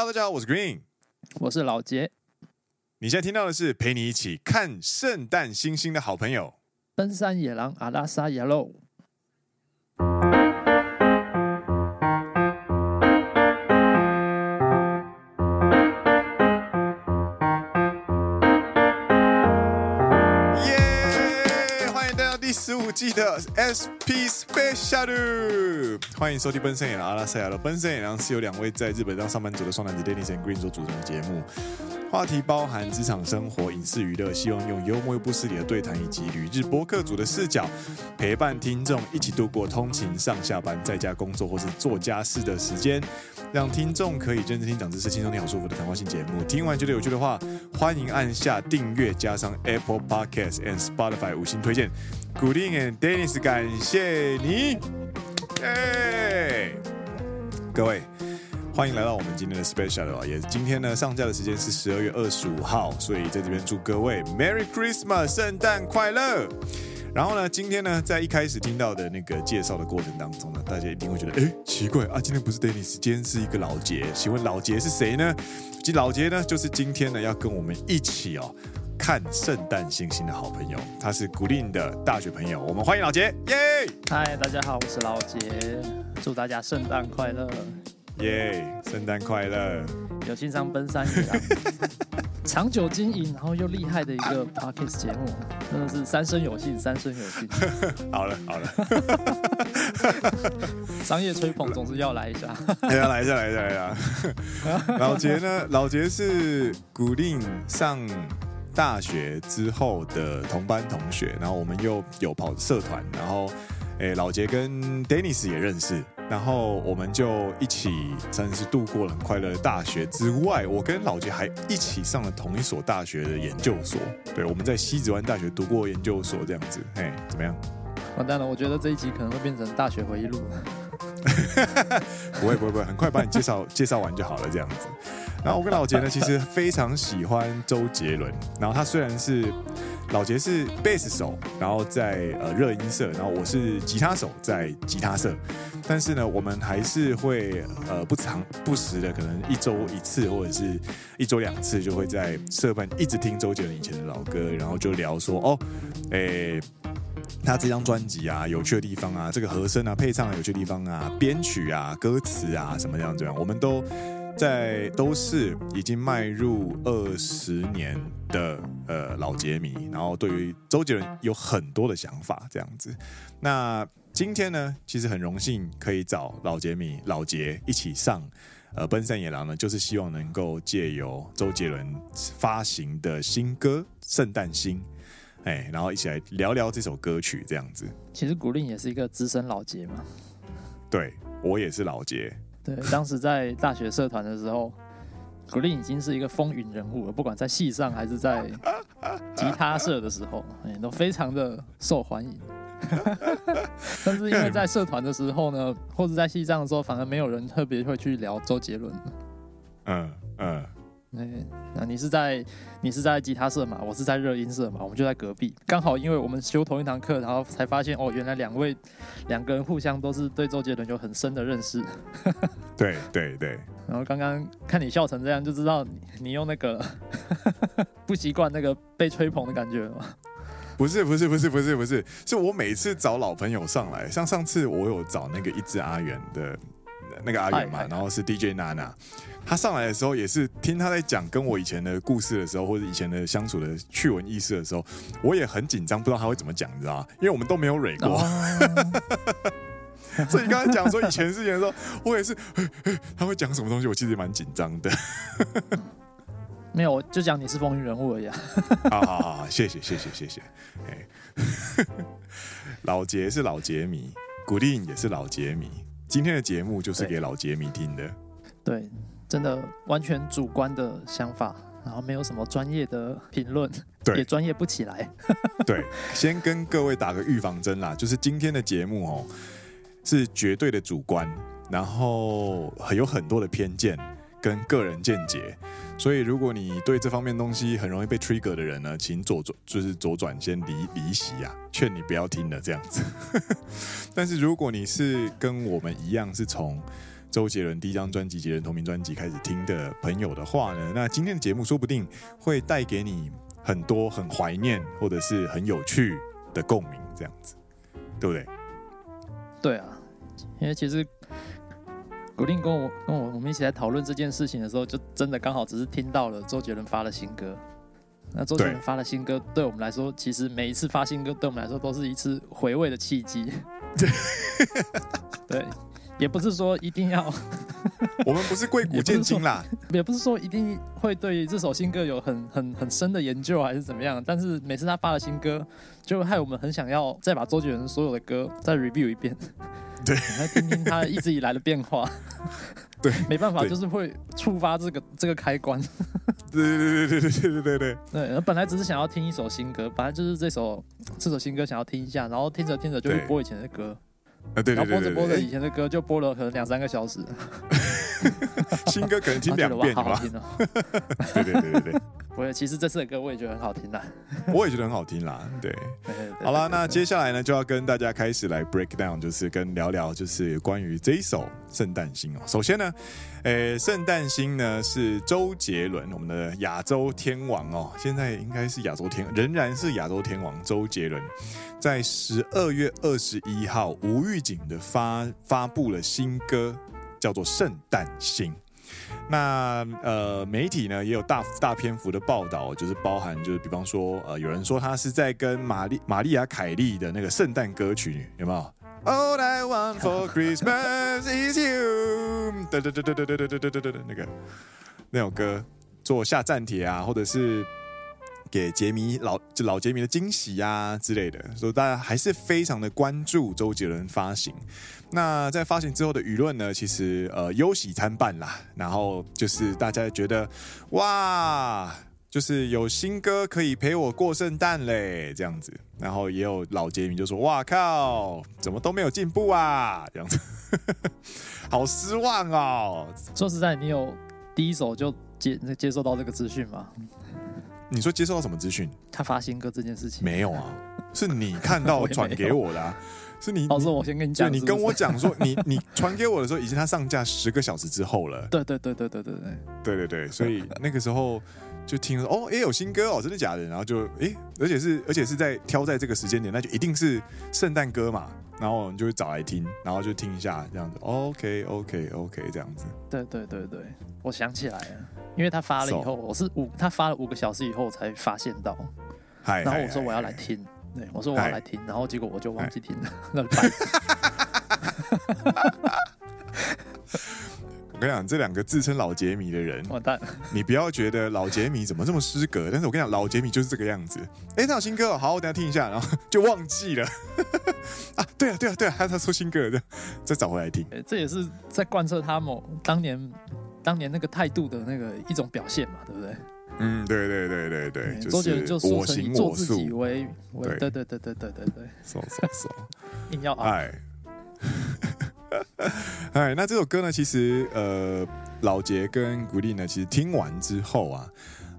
Hello，大家好，我是 Green，我是老杰。你現在聽到的是陪你一起看聖誕星星的好朋友——登山野狼阿拉沙耶嘍。記得 SP Special，歡迎收聽本《奔三野郎的阿拉塞亞奔三野郎》是由兩位在日本當上班族的雙男子 Dennis and Green 做主持的節目。話題包含職場生活、影視娛樂，希望用幽默又不失禮的對談，以及旅日播客組的視角，陪伴聽眾一起度過通勤、上下班、在家工作或是做家事的時間，讓聽眾可以認真聽講知識，輕鬆聽好舒服的談話性節目。聽完覺得有趣的話，歡迎按下訂閱，加上 Apple Podcasts and Spotify 五星推薦。古令 and Dennis，感謝你，哎、欸，各位。歡迎來到我們今天的 special，哦，也是今天呢上架的時間是十二月二十五號，所以在這邊祝各位 Merry Christmas，聖誕快樂。然後呢，今天呢在一開始聽到的那個介紹的過程當中呢，大家一定會覺得哎奇怪啊，今天不是 Danny，今天是一個老杰。請問老杰是誰呢？老杰呢就是今天呢要跟我們一起哦看聖誕星星的好朋友，他是古令的大學朋友。我們歡迎老杰，耶、yeah! Hi，大家好，我是老杰，祝大家聖誕快樂。耶，聖誕、yeah, 快樂！有心上奔三樣 長久經營然後又厲害的一個 Podcast 節目，真的是三生有幸，三生有幸。好了 好了，好了 商業吹捧總是要來一下，來一下，來一下，來一下。一下老杰呢？老杰是古令上大學之後的同班同學，然後我們又有跑社團，然後，哎、欸，老杰跟 Dennis 也認識。然後我們就一起真的是度過了很快樂的大學之外，我跟老杰還一起上了同一所大學的研究所。對，我們在西子灣大學讀過研究所，這樣子。嘿，怎麼樣？完蛋了，我覺得這一集可能會變成大學回憶錄 不會。不會不會不會，很快把你介紹 介紹完就好了，這樣子。然後我跟老杰呢，其實非常喜歡周杰倫。然後他雖然是。老杰是貝斯手，然後在呃熱音社，然後我是吉他手在吉他社，但是呢，我們還是會呃不常不時的，可能一周一次或者是一周兩次，就會在社辦一直聽周杰倫以前的老歌，然後就聊說哦，誒、欸，他這張專輯啊，有趣的地方啊，這個和聲啊，配唱有趣的地方啊，編曲啊，歌詞啊，什麼樣子啊，我們都。在都市已經邁入二十年的呃老杰迷，然後對於周杰倫有很多的想法這樣子。那今天呢，其實很榮幸可以找老杰迷老杰一起上，呃，《奔山野郎》呢，就是希望能夠借由周杰倫發行的新歌《聖誕星》，哎，然後一起來聊聊這首歌曲這樣子。其實古令也是一個資深老杰嘛，對，我也是老杰。對，當時在大學社團的時候，古令已經是一個風雲人物了，不管在系上還是在吉他社的時候，哎，都非常的受歡迎。 但是因為在社團的時候呢，或者在系上的時候，反而沒有人特別會去聊周杰倫。嗯嗯。嗯嗯、那你是在你是在吉他社嘛，我是在熱音社嘛，我們就在隔壁，剛好因為我們修同一堂課，然後才發現哦，原來兩位兩個人互相都是對周杰倫有很深的認識。對 對對。對對，然後剛剛看你笑成這樣，就知道你你用那個 不習慣那個被吹捧的感覺嗎？不是不是不是不是不是，不是，不是，不是，所以我每次找老朋友上來，像上次我有找那個一只阿元的。那個阿遠嘛，hi, hi, hi. 然後是 DJ 娜娜，他上來的時候也是聽他在講跟我以前的故事的時候，或者以前的相處的趣聞軼事的時候，我也很緊張，不知道他會怎麼講，你知道嗎？因為我們都沒有蕊過，oh. 所以剛才講說以前事情的時候，我也是他會講什麼東西，我其實也蠻緊張的 、嗯。沒有，我就講你是風雲人物而已啊。啊、 哦、好，好，好謝謝謝謝謝謝。謝謝謝謝 老杰是老杰迷，古令也是老杰迷。今天的節目就是給老杰迷聽的。對，對，真的完全主觀的想法，然後沒有什麼專業的評論，對，也專業不起來。 對，先跟各位打個預防針啦，就是今天的節目喔，是絕對的主觀，然後有很多的偏見跟個人見解。所以，如果你對這方面東西很容易被 trigger 的人呢，請左轉，就是左轉先離離席啊，勸你不要聽了這樣子。 但是，如果你是跟我們一樣是從周杰倫第一張專輯《杰倫同名專輯》開始聽的朋友的話呢，那今天的節目說不定會帶給你很多很懷念或者是很有趣的共鳴，這樣子，對不對？對啊，因為其實。古令跟我跟我我們一起來討論這件事情的時候，就真的剛好只是聽到了周杰倫發的新歌。那周杰倫發的新歌，對,對我們來說，其實每一次發新歌，對我們來說都是一次回味的契機。對，對 也不是說一定要，我們不是貴古賤今啦也，也不是說一定會對這首新歌有很很很深的研究還是怎麼樣。但是每次他發了新歌，就害我們很想要再把周杰倫所有的歌再 review 一遍。對，來聽聽他一直以來的變化。對， 沒辦法，就是會觸發這個這個開關。對對對對對對對對對。對，本來只是想要聽一首新歌，本來就是這首這首新歌想要聽一下，然後聽着聽着就會播以前的歌。對對。然後播着播着以前的歌，對對對對，就播了可能兩三個小時。對對對對 新歌可能聽兩遍，好、哦、 對對對對，我也。其實這次的歌我也覺得很好聽啦 ，我也覺得很好聽啦。對，好啦，那接下來呢，就要跟大家開始來 break down，就是跟聊聊，就是關於這一首《聖誕星、喔》哦。首先呢，誒、欸，聖誕星呢《聖誕星》呢是周杰倫，我們的亞洲天王哦、喔，現在應該是亞洲天王，仍然是亞洲天王周杰倫，在十二月二十一號無預警的發發布了新歌。叫做聖誕星，那呃媒體呢也有大大篇幅的報道，就是包含就是比方說呃有人說他是在跟瑪麗瑪麗亞凱莉的那個聖誕歌曲有沒有 ？All I want for Christmas is you，噠噠噠噠噠噠噠噠噠噠那個那首歌做下戰帖啊，或者是給傑迷老就老傑迷的驚喜啊之類的，所以大家還是非常的關注周杰倫發行。那在發行之後的輿論呢？其實呃，憂喜參半啦。然後就是大家覺得，哇，就是有新歌可以陪我過聖誕嘞，這樣子。然後也有老杰迷就說，哇靠，怎麼都沒有進步啊，這樣子， 好失望喔。說實在，你有第一手就接接受到這個資訊嗎？你說接受到什麼資訊？他發新歌這件事情？沒有啊，是你看到轉給我的啊。 我沒 是你，老師，我先跟你講。所以你跟我講說你，你你傳給我的時候，已經他上架十個小時之後了。 對對對對對對對對對對,對。所以那個時候就聽說哦，也、欸、有新歌哦，真的假的？然後就哎、欸，而且是而且是在挑在這個時間點，那就一定是聖誕歌嘛。然後我們就會找來聽，然後就聽一下這樣子。OK OK OK 這樣子。對對對對，我想起來了，因為他發了以後，So. 我是五，他發了五個小時以後我才發現到，hi, 然後我說我要來聽。Hi, hi, hi. 我說我要來聽，Hi. 然後結果我就忘記聽了。我跟你講，這兩個自稱老杰迷的人，完蛋！你不要覺得老杰迷怎麼這麼失格。但是我跟你講，老杰迷就是這個樣子。哎，他有新歌、哦，好，我等下聽一下，然後就忘記了。 啊，啊，對啊，對啊，對啊，他他出新歌了，再再找回來聽。這也是在貫徹他某當年當年那個態度的那個一種表現嘛，對不對？嗯，對對對對對，對就是我行我素，做自己為，對對對對對對對，說說說， 硬要愛好，哎，Hi. 那這首歌呢？其實呃，老杰跟古令呢，其實聽完之後啊，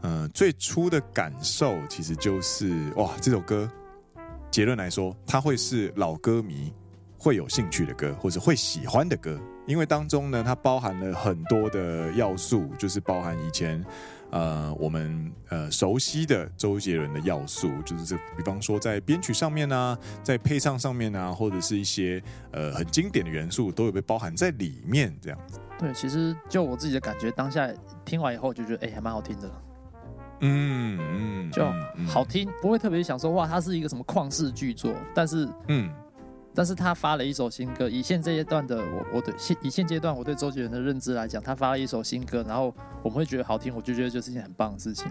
呃，最初的感受其實就是哇，這首歌，結論來說，它會是老歌迷會有興趣的歌，或者會喜歡的歌，因為當中呢，它包含了很多的要素，就是包含以前。呃，我們呃熟悉的周杰倫的要素，就是這，比方說在編曲上面呢、啊，在配唱上面呢、啊，或者是一些呃很經典的元素，都有被包含在裡面這樣。對，其實就我自己的感覺，當下聽完以後就覺得，哎、欸，還蠻好聽的，嗯嗯，嗯就嗯嗯好聽，不會特別想說哇，它是一個什麼曠世巨作，但是嗯。但是他發了一首新歌，以現這一段的我，我對現以現階段我對周杰倫的認知來講，他發了一首新歌，然後我們會覺得好聽，我就覺得這是一件很棒的事情。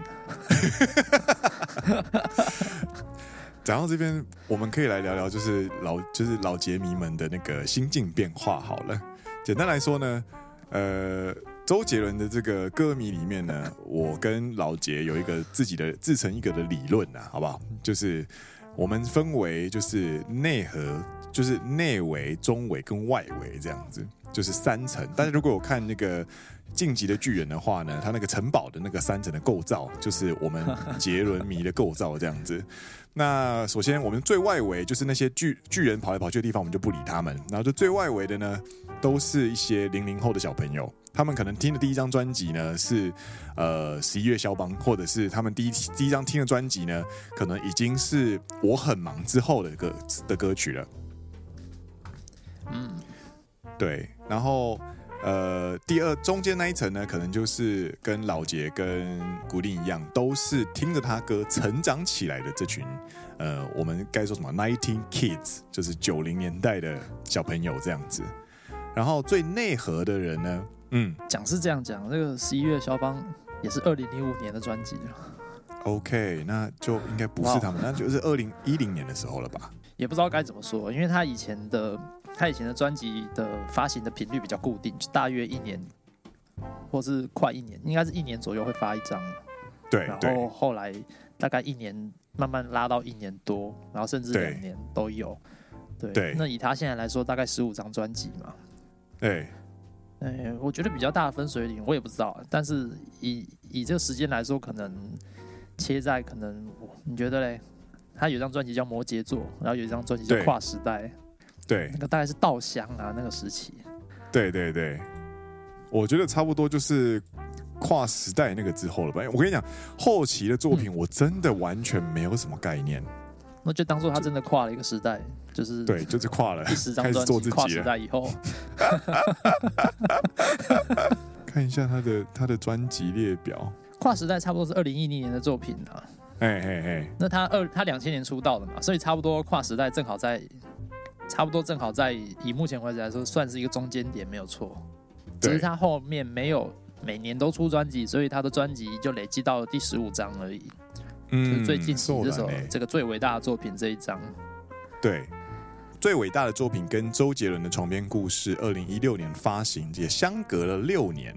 講 到這邊，我們可以來聊聊，就是老就是老杰迷們的那個心境變化。好了，簡單來說呢，呃，周杰倫的這個歌迷裡面呢，我跟老杰有一個自己的自成一格的理論啊，好不好？就是。我們分為就是內核，就是內圍、中圍跟外圍這樣子，就是三層。但是如果有看那個進擊的巨人的話呢，它那個城堡的那個三層的構造，就是我們杰倫迷的構造這樣子。 那首先我們最外圍就是那些巨巨人跑來跑去的地方，我們就不理他們。然後就最外圍的呢，都是一些零零後的小朋友。他們可能聽的第一張專輯呢是，呃，十一月肖邦，或者是他們第一第一張聽的專輯呢，可能已經是我很忙之後的歌的歌曲了。嗯，對。然後，呃，第二中間那一層呢，可能就是跟老杰跟古令一樣，都是聽着他歌成長起來的這群，呃，我們該說什麼？Nineteen Kids，就是九零年代的小朋友這樣子。嗯嗯、然後最內核的人呢？嗯，講是這樣講，那個十一月肖邦也是二零零五年的專輯了。OK，那就應該不是他們，Wow. 那就是二零一零年的時候了吧？也不知道該怎麼說，因為他以前的他以前的專輯的發行的頻率比較固定，就大約一年，或是快一年，應該是一年左右會發一張。對，然後後來大概一年慢慢拉到一年多，然後甚至兩年都有。對，對對，那以他現在來說，大概十五張專輯嘛。對。哎，我覺得比較大的分水嶺，我也不知道。但是以以這個時間來說，可能切在可能，你覺得嘞？他有張專輯叫《摩羯座》，然後有一張專輯叫《跨時代》對。對。那個大概是稻香啊，那個時期。對對對，我覺得差不多就是跨時代那個之後了吧。我跟你講，後期的作品我真的完全沒有什麼概念。嗯，那就當做他真的跨了一個時代。就是對，就是跨了第十張專輯《跨時代》以後， 看一下他的他的專輯列表，《跨時代》差不多是二零一零年的作品啊。哎哎哎，那他二他兩千年出道的嘛，所以差不多《跨時代》正好在差不多正好在以目前為止來說，算是一個中間點，沒有錯。只是對他後面沒有每年都出專輯，所以他的專輯就累積到了第十五張而已。嗯，最近是這首、欸、這個最偉大的作品這一張。對。最偉大的作品跟周杰倫的《床邊故事》二零一六年發行，也相隔了六年，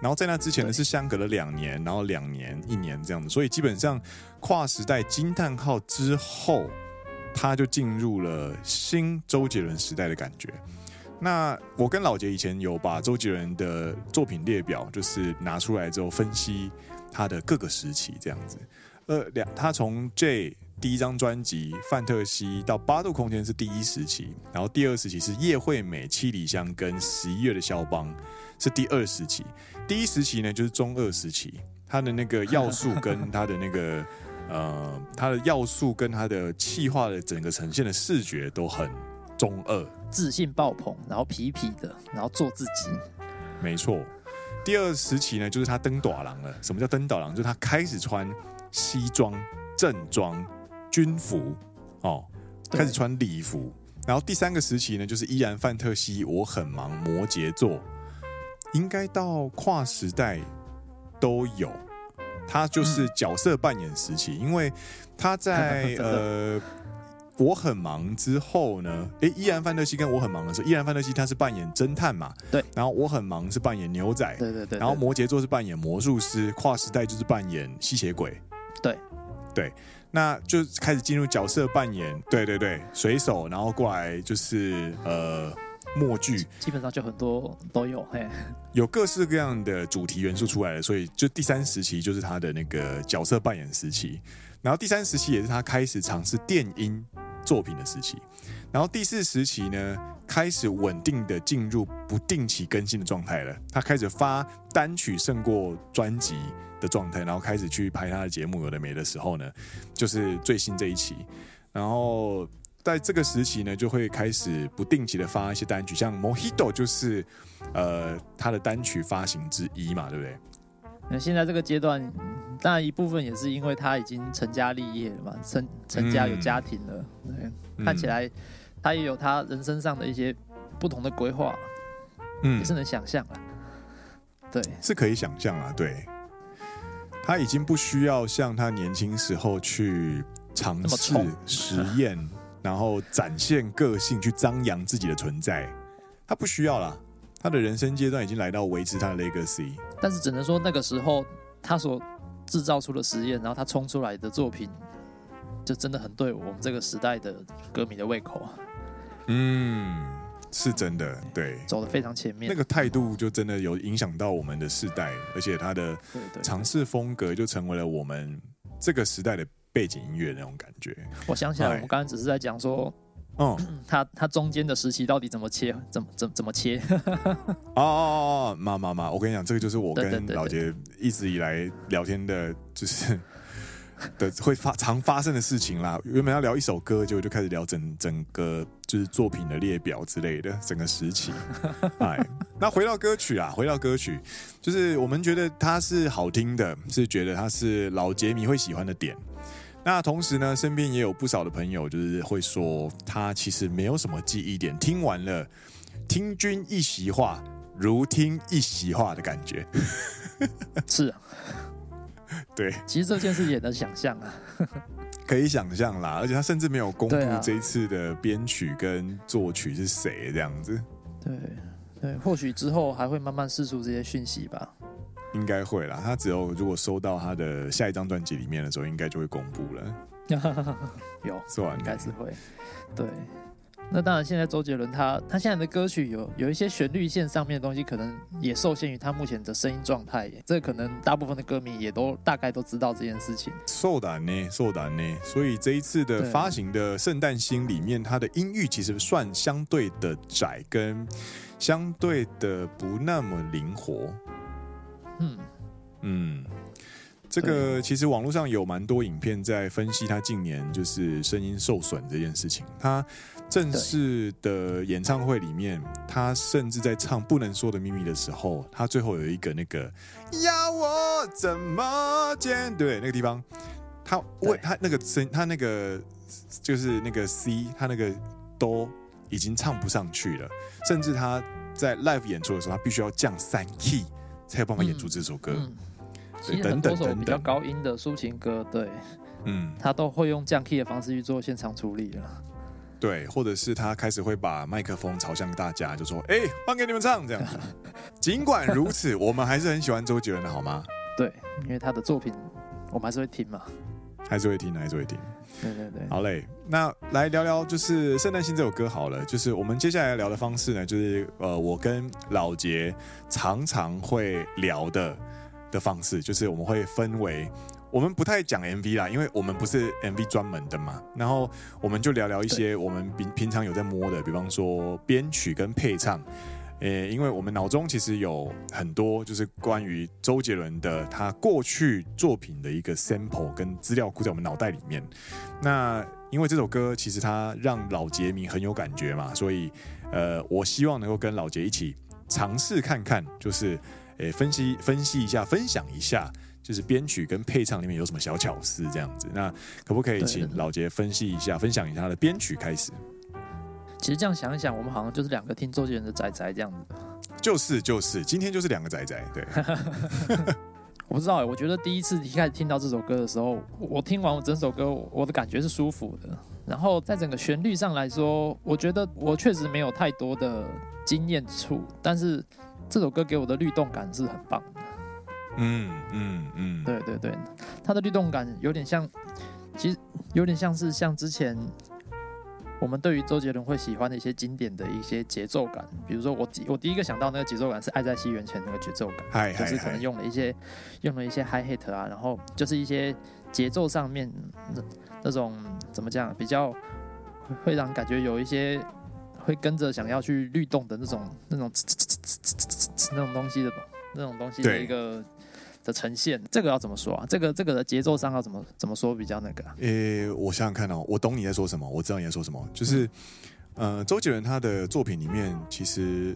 然後在那之前呢，是相隔了兩年，對然後兩年一年這樣子，所以基本上跨時代驚嘆號之後，他就進入了新周杰倫時代的感覺。那我跟老杰以前有把周杰倫的作品列表，就是拿出來之後分析他的各個時期這樣子，呃，兩他從 J 第一張專輯《范特西》到《八度空間》是第一時期，然後第二時期是葉惠美《七里香》跟《十一月的肖邦》是第二時期。第一時期呢，就是中二時期，他的那個要素跟他的那個 呃，他的要素跟他的企劃的整個呈現的視覺都很中二，自信爆棚，然後痞痞的，然後做自己。沒錯，第二時期呢，就是他轉大人了。什麼叫轉大人？就是他開始穿西裝正裝。軍服哦，開始穿禮服，對然後第三個時期呢，就是依然范特西、我很忙、摩羯座應該到跨時代都有，他就是角色扮演時期，嗯、因為他在 的呃我很忙之後呢，誒，依然范特西跟我很忙的時候，依然范特西他是扮演偵探嘛，對，然後我很忙是扮演牛仔，對對，對對，然後摩羯座是扮演魔術師，跨時代就是扮演吸血鬼，對對。對那就開始進入角色扮演，對對對，水手，然後過來就是呃默劇，基本上就很多都有，嘿，有各式各樣的主題元素出來了，所以就第三時期就是他的那個角色扮演時期，然後第三時期也是他開始嘗試電音。作品的時期，然後第四時期呢，開始穩定的進入不定期更新的狀態了。他開始發單曲勝過專輯的狀態，然後開始去拍他的節目。有的沒的時候呢，就是最新這一期。然後在這個時期呢，就會開始不定期的發一些單曲，像《Mojito》就是呃他的單曲發行之一嘛，對不對？那現在這個階段，當然一部分也是因為他已經成家立業了嘛，成成家有家庭了，嗯對，看起來他也有他人生上的一些不同的規劃，嗯，也是能想象了。啊，對，是可以想象了。啊，對，他已經不需要像他年輕時候去嘗試、啊、實驗，然後展現個性去張揚自己的存在，他不需要了。他的人生階段已經來到維持他的 legacy，但是只能說那個時候他所製造出的實驗，然後他衝出來的作品，就真的很對我們這個時代的歌迷的胃口。嗯，是真的，對，走得非常前面，那個態度就真的有影響到我們的世代，哦、而且他的嘗試風格就成為了我們這個時代的背景音樂那種感覺。我想起來唉，我們剛剛只是在講說。嗯，他他中間的時期到底怎麼切？怎麼怎麼怎麼切？哦哦哦哦，媽媽媽，我跟你講，這個就是我跟老杰一直以來聊天的，對對對對就是的會發常發生的事情啦。原本要聊一首歌，結果就開始聊整整個就是作品的列表之類的，整個時期。 哎，那回到歌曲啊，回到歌曲，就是我們覺得它是好聽的，是覺得它是老杰迷會喜歡的點。那同時呢，身邊也有不少的朋友，就是會說他其實沒有什麼記憶點，聽完了聽君一席話，如聽一席話的感覺。 是啊，對，其實這件事也能想象啊， 可以想象啦。而且他甚至沒有公布這一次的編曲跟作曲是誰，這樣子。對對，或許之後還會慢慢釋出這些訊息吧。應該會啦，他只有如果收到他的下一張專輯裡面的時候，應該就會公布了。 有，做完了，應該是會。對，那當然，現在周杰倫他他現在的歌曲有有一些旋律線上面的東西，可能也受限於他目前的聲音狀態耶。這個、可能大部分的歌迷也都大概都知道這件事情。受擋呢，受擋呢。所以這一次的發行的《聖誕星》裡面，對他的音域其實算相對的窄，跟相對的不那麼靈活。嗯嗯，這個其實網絡上有蠻多影片在分析他近年就是聲音受損這件事情。他正式的演唱會裡面，他甚至在唱《不能說的秘密》的時候，他最後有一個那個“要我怎麼見”，對，那個地方，他為對 他那個聲，他那個就是那個 C，他那個哆已經唱不上去了，甚至他在 live 演出的時候，他必須要降三 key 他有辦法演出這首歌，所以、嗯嗯、對很多首比較高音的抒情歌，對，嗯，他都會用降 key 的方式去做現場處理了。對，或者是他開始會把麥克風朝向大家，就說：“哎、欸，放給你們唱。”這樣。儘 管如此， 我們還是很喜歡周杰倫的，好嗎？對，因為他的作品，我們還是會聽嘛，還是會聽，還是會聽。對對對，好嘞，那來聊聊就是《聖誕星》這首歌好了。就是我們接下來聊的方式呢，就是呃，我跟老杰常常會聊的的方式，就是我們會分為，我們不太講 MV 啦，因為我們不是 MV 專門的嘛。然後我們就聊聊一些我們平對平常有在摸的，比方說編曲跟配唱。呃，因為我們腦中其實有很多，就是關於周杰倫的他過去作品的一個 sample 跟資料庫在我們腦袋裡面。那因為這首歌其實它讓老杰迷很有感覺嘛，所以呃，我希望能夠跟老杰一起嘗試看看，就是呃，分析分析一下，分享一下，就是編曲跟配唱裡面有什麼小巧思這樣子。那可不可以請老杰分析一下，分享一下他的編曲開始？其實這樣想一想，我們好像就是兩個聽周杰倫的仔仔這樣子。就是就是，今天就是兩個仔仔。對， 我不知道哎，我覺得第一次一開始聽到這首歌的時候，我聽完我整首歌，我的感覺是舒服的。然後在整個旋律上來說，我覺得我確實沒有太多的驚豔處，但是這首歌給我的律動感是很棒的。嗯嗯嗯，嗯嗯對對對，它的律動感有點像，其實有點像是像之前。我們對於周杰倫會喜歡的一些經典的一些節奏感，比如說我第我第一個想到的那個節奏感是《愛在西元前》那個節奏感，hi, hi, hi. 就是可能用了一些用了一些 hi-hat 啊，然後就是一些節奏上面那那種怎麼講，比較會讓感覺有一些會跟着想要去律動的那種那種那種那種東西的那種東西的一個。的呈現，這個要怎麼說啊？這個這個的節奏上要怎麼怎麼說比較那個、啊？誒、欸，我想想看哦、喔，我懂你在說什麼，我知道你在說什麼，就是，嗯、呃，周杰倫他的作品裡面其實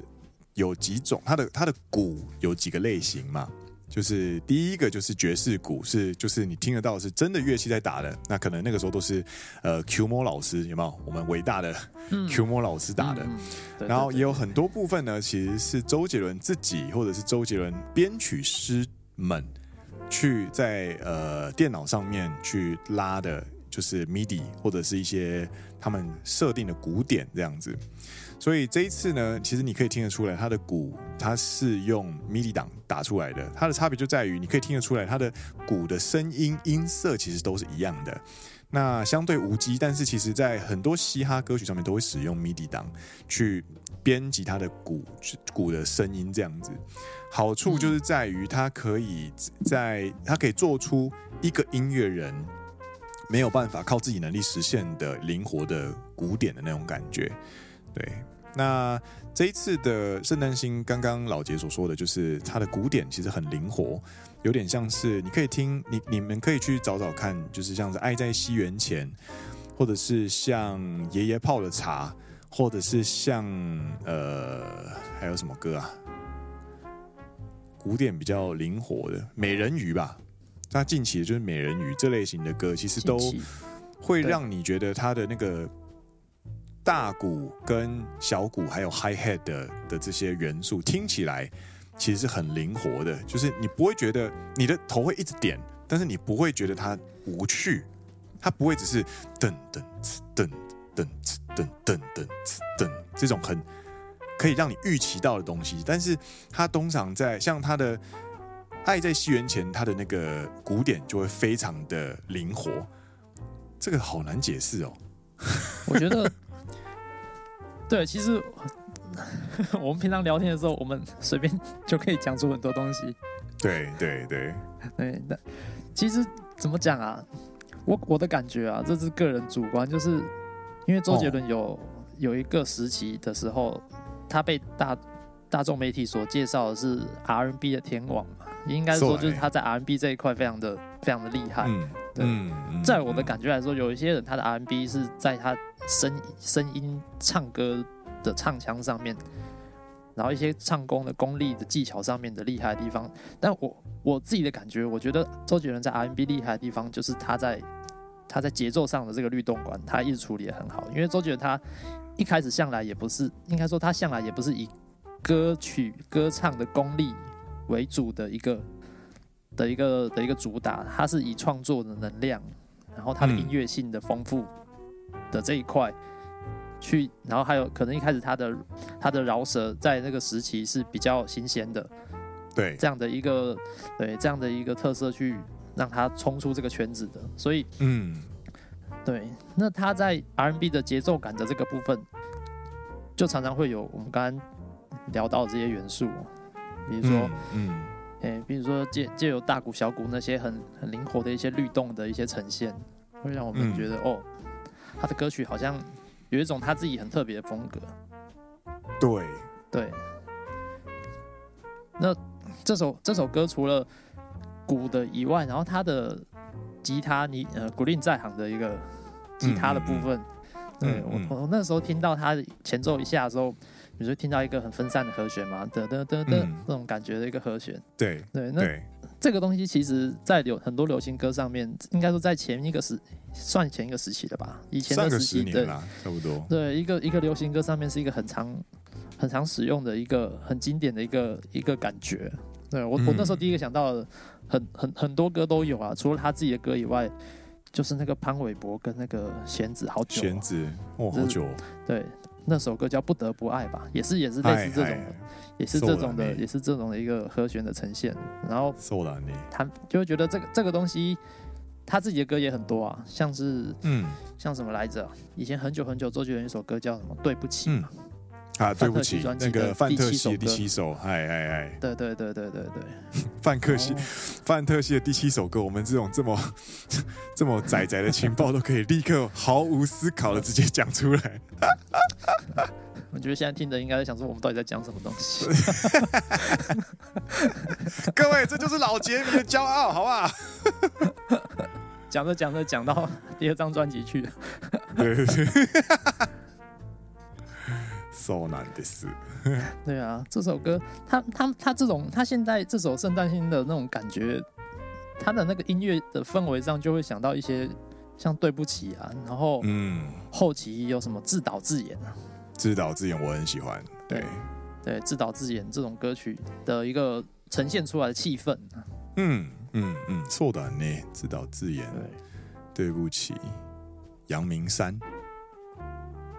有幾種，他的他的鼓有幾個類型嘛？就是第一個就是爵士鼓，是就是你聽得到是真的樂器在打的，那可能那個時候都是呃 QMO 老師有沒有？我們偉大的、嗯、QMO 老師打的，嗯、對對對對，然後也有很多部分呢，其實是周杰倫自己或者是周杰倫編曲師。們去在呃電腦上面去拉的，就是 MIDI 或者是一些他們設定的鼓點這樣子。所以這一次呢，其實你可以聽得出來，它的鼓它是用 MIDI 檔打出來的。它的差別就在於，你可以聽得出來，它的鼓的聲音音色其實都是一樣的。那相對無機，但是其實在很多嘻哈歌曲上面都會使用 MIDI 檔去。編輯他的鼓，鼓的聲音這樣子，好處就是在於他可以在他可以做出一個音樂人沒有辦法靠自己能力實現的靈活的鼓點的那種感覺。對，那這一次的聖誕星，剛剛老杰所說的，就是他的鼓點其實很靈活，有點像是你可以聽你，你們可以去找找看，就是像是《愛在西元前》，或者是像《爺爺泡的茶》。或者是像，呃還有什麼歌啊？古典比較靈活的美人魚吧。它近期就是美人魚這類型的歌，其實都會讓你覺得它的那個大鼓跟小鼓還有 hi-hat 的，的這些元素聽起來其實是很靈活的，就是你不會覺得你的頭會一直點，但是你不會覺得它無趣，它不會只是噔噔噔。等等等等等，這種很可以讓你預期到的東西，但是他通常在像他的《愛在西元前》，他的那個鼓點就會非常的靈活，這個好難解釋哦、喔。我覺得，對，其實我們平常聊天的時候，我們隨便就可以講出很多東西。對對對。對。那其實怎麼講啊？我我的感覺啊，這是個人主觀，就是。因為周杰倫有、哦、有一個時期的時候，他被大大眾媒體所介紹的是 R&B 的天王嘛，應該說就是他在 R&B 這一塊非常的、嗯、非常的厲害。嗯，嗯，嗯，在我的感覺來說，有一些人他的 R&B 是在他聲聲音唱歌的唱腔上面，然後一些唱功的功力的技巧上面的厲害的地方。但我我自己的感覺，我覺得周杰倫在 R&B 厲害的地方就是他在。他在節奏上的這個律動感，他一直處理得很好。因為周杰倫他一開始向來也不是，應該說他向來也不是以歌曲歌唱的功力為主的一個的一個的一個主打，他是以創作的能量，然後他的音樂性的豐富的這一塊去，嗯、然後還有可能一開始他的他的饒舌在那個時期是比較新鮮的，對這樣的一個對這樣的一個特色去讓他衝出這個圈子的，所以嗯，對，那他在 R&B 的節奏感的這個部分，就常常會有我們剛剛聊到的這些元素，比如說嗯，哎、嗯欸，比如說借借由大鼓、小鼓那些很很靈活的一些律動的一些呈現，會讓我們覺得、嗯、哦，他的歌曲好像有一種他自己很特別的風格，對對，那這首這首歌除了。鼓的以外，然後他的吉他，你呃，古令在行的一個吉他的部分。嗯嗯嗯、對、嗯、我，我那時候聽到他的前奏一下的時候，比如說聽到一個很分散的和弦嘛，噔噔噔噔，嗯、這種感覺的一個和弦。對對，那對這個東西其實在有很多流行歌上面，應該說在前一個時算前一個時期的吧，以前的時期對，差不多。對，一個一個流行歌上面是一個很常、很常使用的一個很經典的一個一個感覺。對我，嗯、我那時候第一個想到的，很很很多歌都有啊，除了他自己的歌以外，就是那個潘瑋柏跟那個弦子，好久、啊。弦子，哦、好久、哦。對，那首歌叫《不得不愛》吧，也是也是類似這種，的，嘿嘿的也是這種的，的也是這種的一個和弦的呈現。然後他就會覺得這個這個東西，他自己的歌也很多啊，像是、嗯、像什麼來着、啊？以前很久很久，周杰倫一首歌叫什麼？對不起。嗯啊，對不起，那個范特西的第七首，哎哎哎，對對對對對對， 范特西、哦、范特西的第七首歌，我們這種這麼 這麼窄窄的情報都可以立刻毫無思考的直接講出來， 我覺得現在聽着應該在想說我們到底在講什麼東西， 各位這就是老杰迷的驕傲，好不好？講着講着講到第二張專輯去了。 對對對 そうなんです 對啊，這首歌，他他他這種，他現在這首聖誕星的那種感覺，他的那個音樂的氛圍上，就會想到一些像對不起啊，然後嗯，後期有什麼自導自演啊？嗯、自導自演我很喜歡，對對，對，自導自演這種歌曲的一個呈現出來的氣氛，嗯嗯嗯，錯、嗯嗯、的你自導自演，對，對不起，陽明山。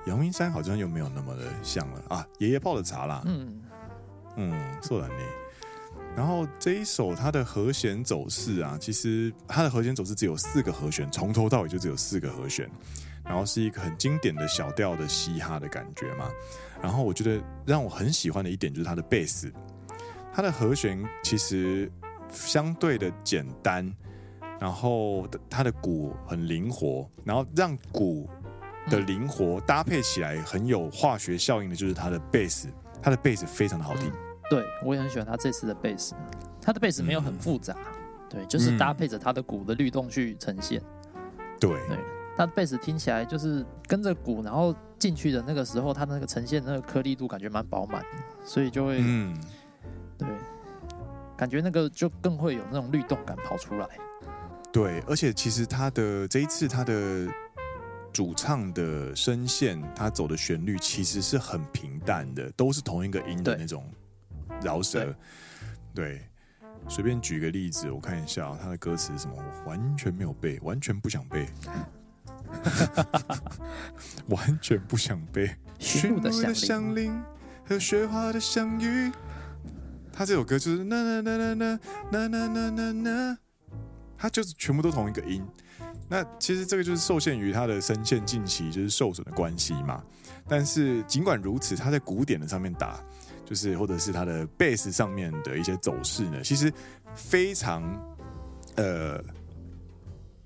陽明山好像又沒有那麼的像了啊！爺爺泡的茶啦，嗯嗯，嗯嗯，錯了你。然後這一首它的和弦走勢啊，其實它的和弦走勢只有四個和弦，從頭到尾就只有四個和弦。然後是一個很經典的小調的嘻哈的感覺嘛。然後我覺得讓我很喜歡的一點就是它的貝斯，它的和弦其實相對的簡單，然後它的鼓很靈活，然後讓鼓。的靈活搭配起來很有化學效應的，就是他的貝斯，他的貝斯非常的好聽、嗯。對，我也很喜歡他這次的貝斯，他的貝斯沒有很複雜，嗯、對，就是搭配着他的鼓的律動去呈現。對、嗯，對，他的貝斯聽起來就是跟着鼓，然後進去的那個時候，他那個呈現那個顆粒度感覺蠻飽滿，所以就會，嗯，對，感覺那個就更會有那種律動感跑出來。對，而且其實他的這一次他的。主唱的聲線，他走的旋律其實是很平淡的，都是同一個音的那種饒舌對。對，隨便舉個例子，我看一下他、喔、的歌詞是什麼，我完全沒有背，完全不想背，嗯、 完全不想背。馴鹿的響鈴和雪花的相遇，他這首歌就是 na na na na na na na na na，他就是全部都同一個音。那其實這個就是受限於他的聲線近期就是受損的關係嘛。但是儘管如此，他在鼓點的上面打，就是或者是他的貝斯上面的一些走勢呢，其實非常呃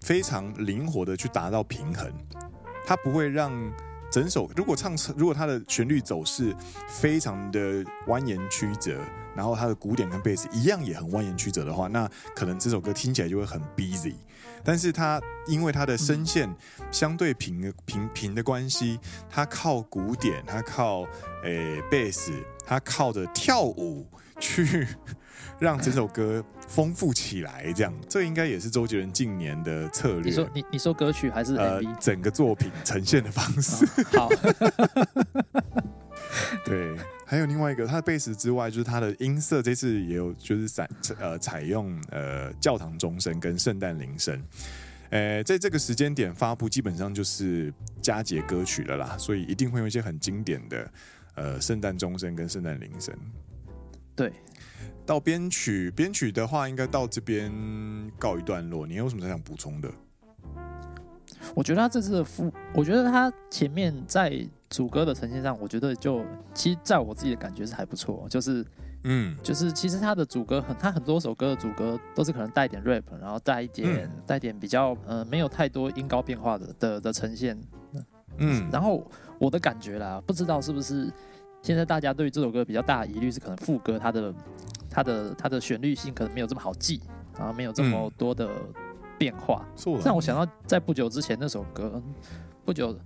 非常靈活的去達到平衡。他不會讓整首如果唱如果他的旋律走勢非常的蜿蜒曲折，然後他的鼓點跟貝斯一樣也很蜿蜒曲折的話，那可能這首歌聽起來就會很 busy。但是他因為他的聲線相對平、嗯、平平的關係，他靠鼓點，他靠誒貝斯，他靠着跳舞去讓整首歌豐富起來這，欸、這樣，這應該也是周杰倫近年的策略。你說你你說歌曲還是呃整個作品呈現的方式？哦、好， 對。還有另外一個，他的貝斯之外，就是他的音色，這次也有就是採呃採用呃教堂鐘聲跟聖誕鈴聲，呃，在這個時間點發布，基本上就是佳節歌曲了啦，所以一定會用一些很經典的呃聖誕鐘聲跟聖誕鈴聲。對，到編曲編曲的話，應該到這邊告一段落。你有什麼想補充的？我覺得他這次的副，我覺得他前面在。主歌的呈現上，我覺得就其實在我自己的感覺是還不錯，就是，嗯，就是其實他的主歌很，他很多首歌的主歌都是可能帶點 rap，然後帶一點帶、嗯、帶點比較呃沒有太多音高變化的的的呈現，就是、嗯，然後我的感覺啦，不知道是不是現在大家對於這首歌比較大的疑慮是可能副歌它的它的它的旋律性，可能沒有這麼好記，然後沒有這麼多的變化，讓、嗯、我想到在不久之前那首歌，不久。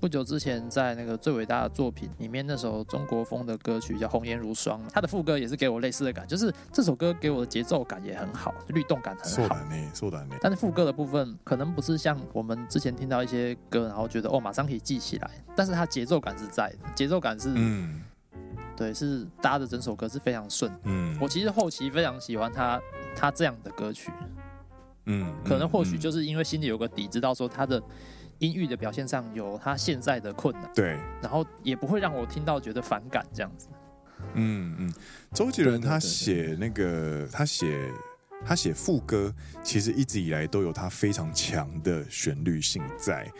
不久之前，在那個最偉大的作品裡面，那首中國風的歌曲叫《紅顏如霜》，他的副歌也是給我類似的感，就是這首歌給我的節奏感也很好，律動感很好。但是副歌的部分可能不是像我們之前聽到一些歌，然後覺得哦、喔，馬上可以記起來。但是他節奏感是在的，節奏感是嗯，對，是搭的整首歌是非常順。嗯，我其實後期非常喜歡他他這樣的歌曲。嗯，可能或許就是因為心裡有個底，知道說他的。音域的表現上有他現在的困難，對，然後也不會讓我聽到覺得反感這樣子。嗯嗯，周杰倫他寫那個，對對對對他寫他寫，他寫副歌，其實一直以來都有他非常強的旋律性在。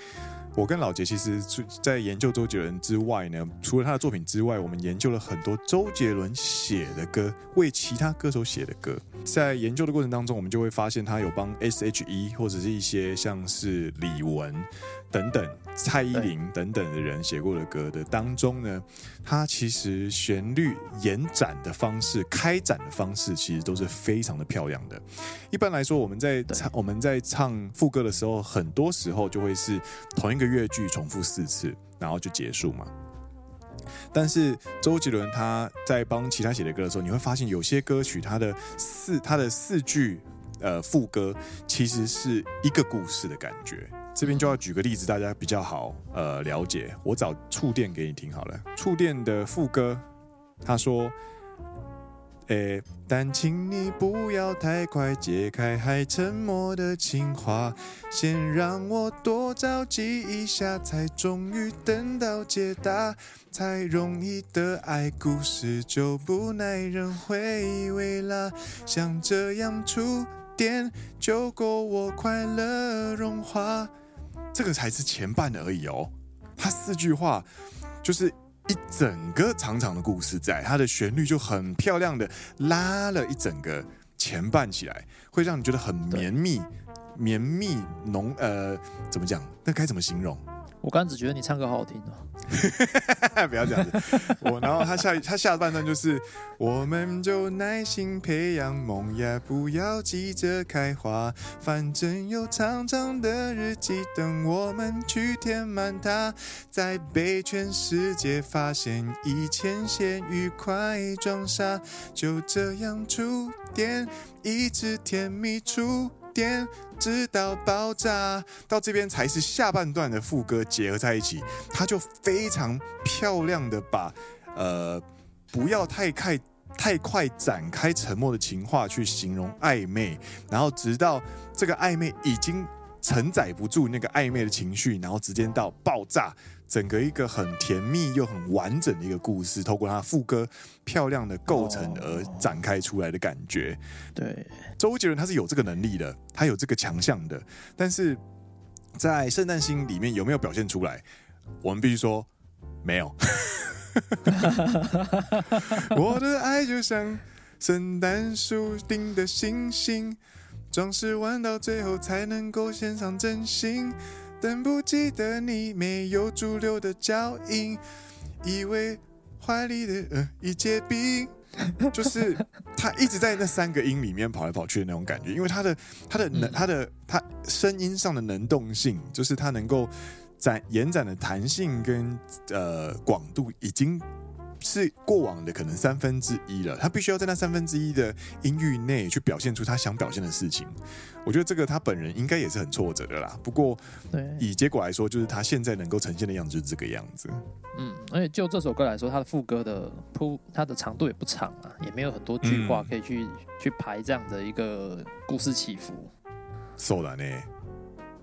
我跟老杰其實，在研究周杰倫之外呢，除了他的作品之外，我們研究了很多周杰倫寫的歌，為其他歌手寫的歌。在研究的過程當中，我們就會發現他有幫 S.H.E，或者是一些像是李玟。等等，蔡依林等等的人寫過的歌的當中呢，他對其實旋律延展的方式、開展的方式，其實都是非常的漂亮的。一般來說，我們在唱對我們在唱副歌的時候，很多時候就會是同一個樂句重複四次，然後就結束嘛。但是周杰倫他在幫其他寫的歌的時候，你會發現有些歌曲他的四他的四句呃副歌其實是一個故事的感覺。這邊就要舉個例子，大家比較好呃了解。我找《觸電》給你聽好了，《觸電》的副歌，他說：“哎、欸，但請你不要太快解開還沉默的情話，先讓我多着急一下，才終於等到解答。太容易的愛，故事就不耐人回味啦。像這樣觸電，就夠我快樂融化。”這個才是前半的而已哦，它四句話就是一整個長長的故事在，在它的旋律就很漂亮的拉了一整個前半起來，會讓你覺得很綿密、對綿密濃呃，怎麼講？那該怎麼形容？我剛只覺得你唱歌好好聽哦， 不要這樣子。我然後他下 他下半段就是， 我們就耐心培養萌芽，夢也不要急着開花，反正有長長的日記等我們去填滿它，在被全世界發現以前先愉快裝傻，就這樣觸電，一直甜蜜觸電。直到爆炸，到這邊才是下半段的副歌，結合在一起，他就非常漂亮的把，呃，不要太快太快展開沉默的情話去形容曖昧，然後直到這個曖昧已經承載不住那個曖昧的情緒，然後直接到爆炸。整個一個很甜蜜又很完整的一個故事，透過他副歌漂亮的構成而展開出來的感覺。Oh, oh, oh. 對，周杰倫他是有這個能力的，他有這個強項的，但是在《聖誕星》裡面有沒有表現出來？我們必須說，沒有。我的愛就像聖誕樹頂的星星，裝飾完到最後才能夠獻上真心。等不及的你，沒有駐留的腳印，以為懷裡的、嗯、一已結冰， 就是他一直在那三個音裡面跑來跑去的那種感覺，因為他的他的能他的、嗯、他，的他聲音上的能動性，就是他能夠展延展的彈性跟呃廣度已經。是過往的可能三分之一了，他必須要在那三分之一的音域內去表現出他想表現的事情。我覺得這個他本人應該也是很挫折的啦。不過，對以結果來說，就是他現在能夠呈現的樣子是這個樣子。嗯，而且就這首歌來說，他的副歌的鋪，它的長度也不長啊，也沒有很多句話可以去、嗯、去排這樣的一個故事起伏。そうだね，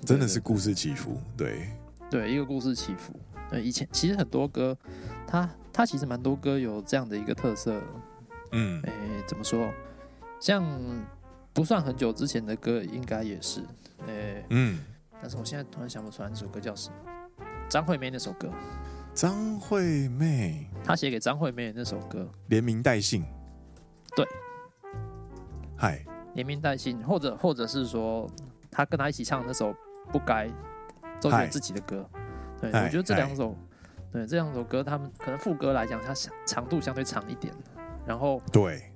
真的是故事起伏，對對,對,對,對，一個故事起伏。對，以前其實很多歌，他他其實蠻多歌有這樣的一個特色，嗯，哎、欸，怎麼說？像不算很久之前的歌，應該也是，哎、欸，嗯。但是我現在突然想不出來這首歌叫什麼，張惠妹那首歌。張惠妹。她寫給張惠妹的那首歌。連名帶姓。對。嗨 Hi。連名帶姓，或者或者是說，他跟他一起唱的那首不該，周杰倫自己的歌。對，唉我覺得這兩首，唉對這兩首歌，他們可能副歌來講，它相長度相對長一點，然後對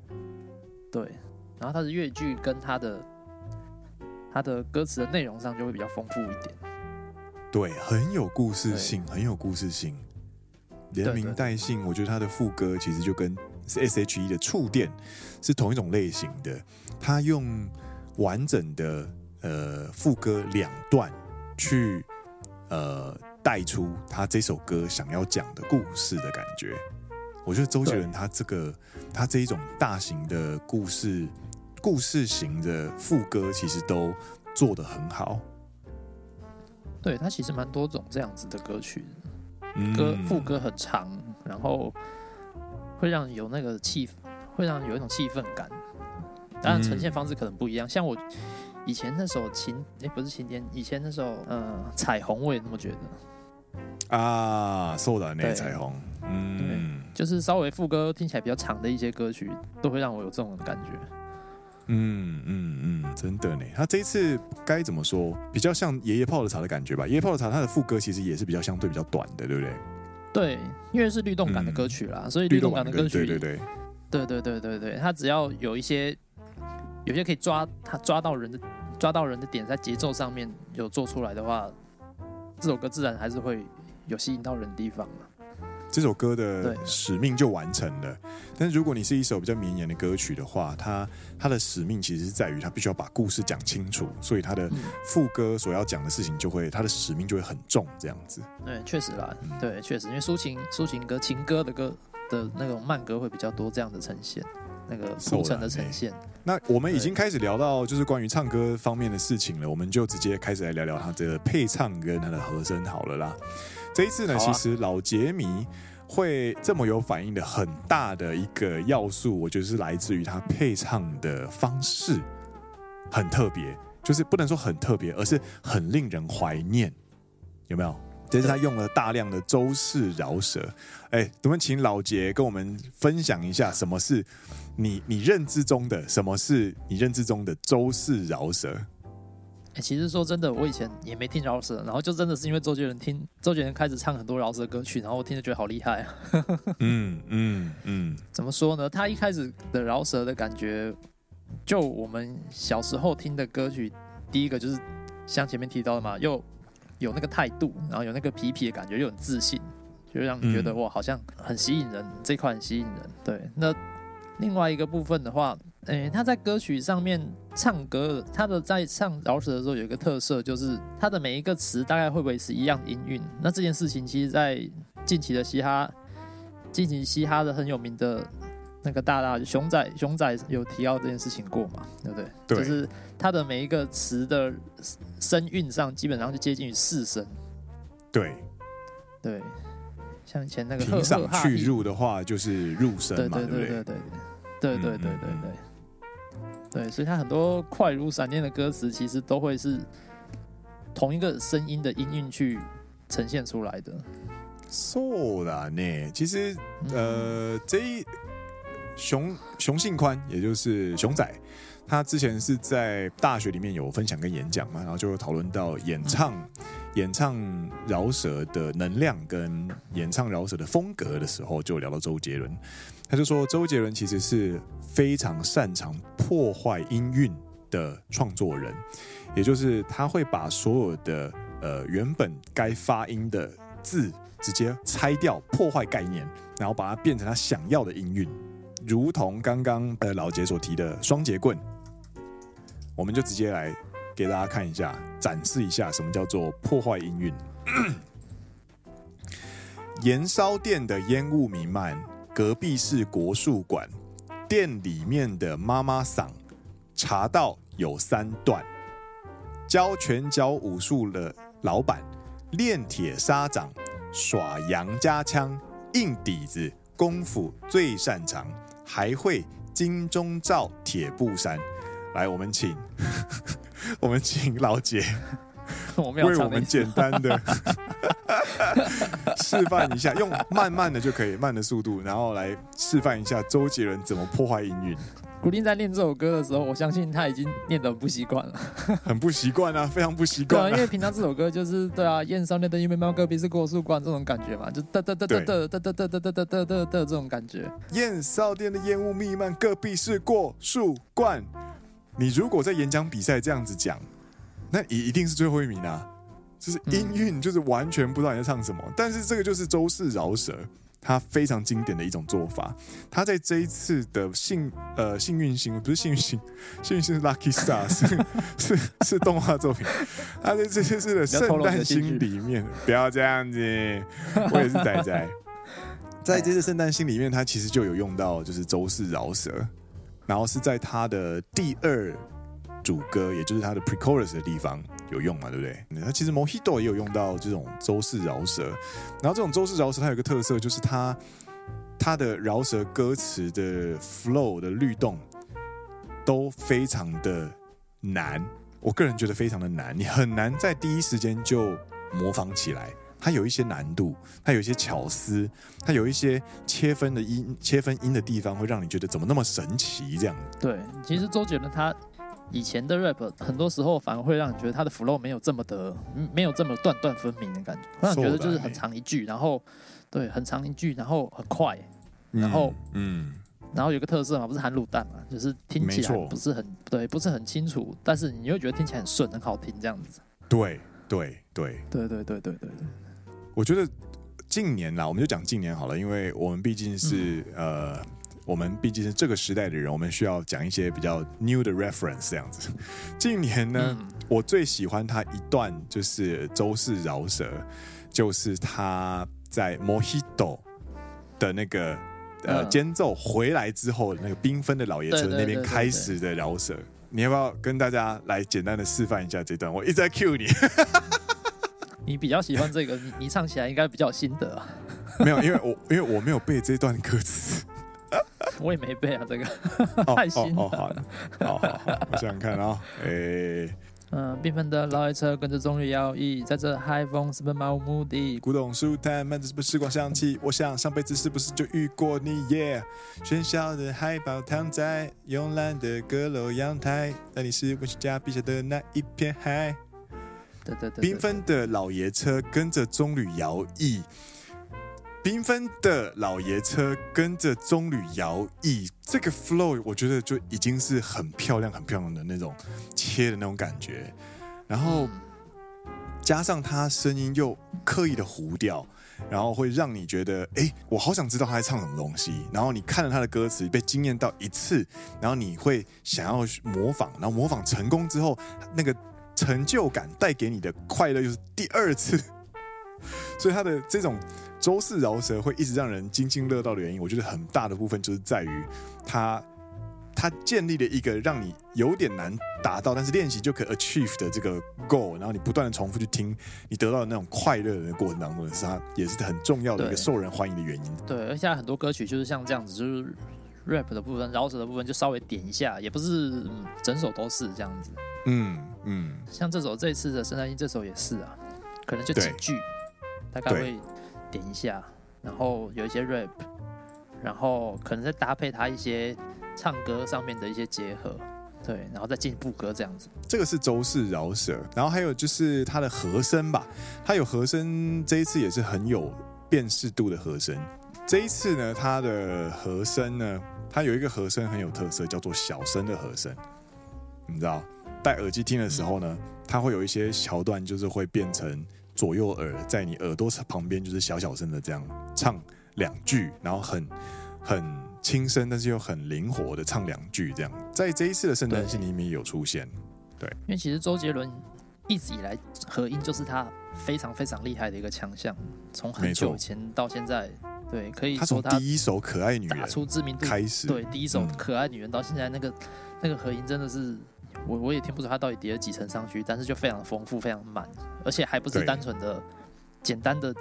對，然後它的樂句跟它的它的歌詞的內容上就會比較豐富一點。對，很有故事性，對很有故事性，連名帶姓。我覺得他的副歌其實就跟 S H E 的《觸電》是同一種類型的，他用完整的呃副歌兩段去呃。帶出他這首歌想要講的故事的感覺，我覺得周杰倫他這個對他這一種大型的故事故事型的副歌，其實都做得很好。對他其實蠻多種這樣子的歌曲的，嗯、歌副歌很長，然後會讓有那個氣，會讓有一種氣氛感，當然呈現方式可能不一樣。嗯、像我以前那首晴，哎，不是晴天，以前那首嗯、呃、彩虹，我也那麼覺得。啊，是的呢，彩虹。對嗯，對，就是稍微副歌聽起來比較長的一些歌曲，都會讓我有這種感覺。嗯嗯嗯，真的呢。他這一次該怎麼說，比較像爺爺泡的茶的感覺吧？爺爺泡的茶，他的副歌其實也是比較相對比較短的，對不對？對，因為是律動感的歌曲啦，嗯、所以律動，律動感的歌曲，對對對，對，對對對對對，他只要有一些，有些可以抓他抓到人的抓到人的點，在節奏上面有做出來的話，這首歌自然還是會。有吸引到人的地方，這首歌的使命就完成了。對但是如果你是一首比較綿延的歌曲的話，它，它的使命其實是在於它必須要把故事講清楚，所以它的副歌所要講的事情就會，嗯、它的使命就會很重，這樣子。對，確實啦，嗯、對，確實，因為抒情抒情歌、情歌的歌的那種慢歌會比較多這樣呈、嗯、的呈現，那個舒成的呈現。對那我們已經開始聊到就是關於唱歌方面的事情了，我們就直接開始來聊聊它這個配唱跟它的和聲好了啦。這一次呢，啊、其實老杰迷會這麼有反應的很大的一個要素，我覺得是來自於他配唱的方式很特別，就是不能說很特別，而是很令人懷念，有沒有？這是他用了大量的周氏饒舌。哎，我們請老杰跟我們分享一下，什麼是你你認知中的，什麼是你認知中的周氏饒舌？哎，其實說真的，我以前也沒聽饒舌，然後就真的是因為周杰倫，聽周杰倫開始唱很多饒舌的歌曲，然後我聽着覺得好厲害、啊呵呵嗯。嗯嗯嗯，怎麼說呢？他一開始的饒舌的感覺，就我們小時候聽的歌曲，第一個就是像前面提到的嘛，又有，有那個態度，然後有那個痞痞的感覺，又很自信，就讓你覺得、嗯、哇，好像很吸引人，這塊很吸引人。對，那另外一個部分的話。哎、欸，他在歌曲上面唱歌，他的在唱饒舌的時候有一個特色，就是他的每一個詞大概會維持一樣的音韻，那這件事情，其實，在近期的嘻哈，近期嘻哈的很有名的那個大大熊仔，熊仔有提到這件事情過嘛？對不對？對，就是他的每一個詞的聲韻上，基本上就接近於四聲。對，對，像以前那個赫赫平上去入的話，就是入聲，對對對對對對對對對對。對，所以他很多快如閃電的歌詞，其實都會是同一個聲音的音韻去呈現出來的。是的呢，其實、嗯、呃，這一熊熊信寬，也就是熊仔，他之前是在大學裡面有分享跟演講嘛，然後就討論到演唱、嗯、演唱饒舌的能量跟演唱饒舌的風格的時候，就聊到周杰倫。他就說，周杰倫其實是非常擅長破壞音韻的創作人，也就是他會把所有的呃原本該發音的字直接拆掉，破壞概念，然後把它變成他想要的音韻。如同剛剛的老杰所提的雙截棍，我們就直接來給大家看一下，展示一下什麼叫做破壞音韻。岩 燒店的煙霧瀰漫，隔壁是國術館，店裡面的媽媽桑，茶道有三段，教拳腳武術的老闆，練鐵砂掌，耍楊家槍，硬底子功夫最擅長，還會金鐘罩鐵布衫。來，我們請， 我們請老姐，我為我們簡單的。 示範一下，用慢慢的就可以慢的速度，然後來示範一下周杰倫怎麼破壞音韻。古令在念這首歌的時候，我相信他已經念得不習慣了， 很不習慣啊，非常不習慣、啊啊。因為平常這首歌就是對啊，岩 燒店的煙味瀰漫，隔壁是國術館這種感覺嘛，就噠噠噠噠噠噠噠噠噠噠噠的這種感覺。岩燒店的煙味瀰漫，隔壁是國術館。你如果在演講比賽這樣子講，那一定是最後一名啊。.就是音韻，就是完全不知道你在唱什麼。嗯，但是這個就是周氏饒舌，他非常經典的一種做法。他在這一次的幸呃幸運星，不是幸運星，幸運星是 Lucky Stars， 是是，是動畫作品。他在這一次的聖誕星裡面，裡面，不要這樣子，我也是仔仔。 在這次聖誕星裡面，他其實就有用到就是周氏饒舌，然後是在他的第二。主歌，也就是他的 pre chorus 的地方有用嘛，對不對？那其實 Mojito 也有用到這種周氏饒舌，然後這種周氏饒舌，它有個特色，就是它它的饒舌歌詞的 flow 的律動都非常的難。我個人覺得非常的難，你很難在第一時間就模仿起來。它有一些難度，它有一些巧思，它有一些切分的音、切分音的地方，會讓你覺得怎麼那麼神奇？這樣對，其實周杰倫他。以前的 rap 很多時候反而會讓你覺得它的 flow 沒有這麼的，沒有這麼斷斷分明的感覺，欸、讓你覺得就是很長一句，然後對很長一句，然後很快，然後嗯，嗯然後有一個特色嘛，不是含滷蛋嘛，就是聽起來不是很沒錯、對，不是很清楚，但是你又覺得聽起來很順，很好聽這樣子。對對對對對對對對，我覺得近年啦，我們就講近年好了，因為我們畢竟是、嗯、呃。我們畢竟是這個時代的人，我們需要講一些比較 new 的 reference 這樣子。近年呢，嗯、我最喜歡他一段就是周氏饒舌，就是他在 Mojito 的那個呃間、嗯、奏回來之後，那個繽紛的老爺車那邊開始的饒舌。你要不要跟大家來簡單的示範一下這一段？我一直在 Q 你。 你比較喜歡這個，你你唱起來應該比較有心得啊。沒有，因為我因為我沒有背這段歌詞。 我也沒背啊，這個太新、oh, 了。好好好，我想想看啊。哎、欸，嗯，繽紛的老爺車跟着棕櫚搖曳，在這 海風是不是漫無目的？ 古董書攤漫著是不是時光香氣？我想上輩子是不是就遇過你？耶、yeah！喧囂的海報躺在慵懶的閣樓陽台，而你是文學家筆下的那一片海。繽紛 的老爺車跟着棕櫚搖曳。繽紛的老爺車跟着棕櫚搖曳，這個 flow 我覺得就已經是很漂亮、很漂亮的那種切的那種感覺。然後加上他聲音又刻意的糊掉，然後會讓你覺得，哎，我好想知道他在唱什麼東西。然後你看了他的歌詞，被驚豔到一次，然後你會想要去模仿，然後模仿成功之後，那個成就感帶給你的快樂就是第二次。所以他的這種。周四饒舌會一直讓人津津樂道的原因，我覺得很大的部分就是在於它，它建立了一個讓你有點難達到，但是練習就可以 achieve 的這個 goal，然後你不斷的重複去聽，你得到的那種快樂的過程當中，是他也是很重要的一個受人歡迎的原因。對，對，而現在，很多歌曲就是像這樣子，就是 rap 的部分，饒舌的部分就稍微點一下，也不是、嗯、整首都是這樣子。嗯嗯，嗯，像這首這次的聖誕星這首也是啊，可能就幾句，對大概會。點一下，然後有一些 rap，然後可能再搭配他一些唱歌上面的一些結合，對，然後再進步歌這樣子。這個是周氏饒舌，然後還有就是他的和聲吧，他有和聲，嗯、這一次也是很有辨識度的和聲。這一次呢，他的和聲呢，他有一個和聲很有特色，叫做小聲的和聲。你知道，戴耳機聽的時候呢，嗯、他會有一些橋段，就是會變成。左右耳在你耳朵旁邊，就是小小聲的這樣唱兩句，然後很很輕聲，但是又很靈活的唱兩句，這樣在這一次的聖誕星裡面有出現。對，因為其實周杰倫一直以來和音就是他非常非常厲害的一個強項，從很久以前到現在，錯對，可以從他，他第一首《可愛女人》打出知名度開始，對，第一首《可愛女人》到現在那個、嗯、那個和音真的是。我我也聽不出他到底疊了幾層上去，但是就非常豐富，非常滿，而且還不是單純的、對簡單的，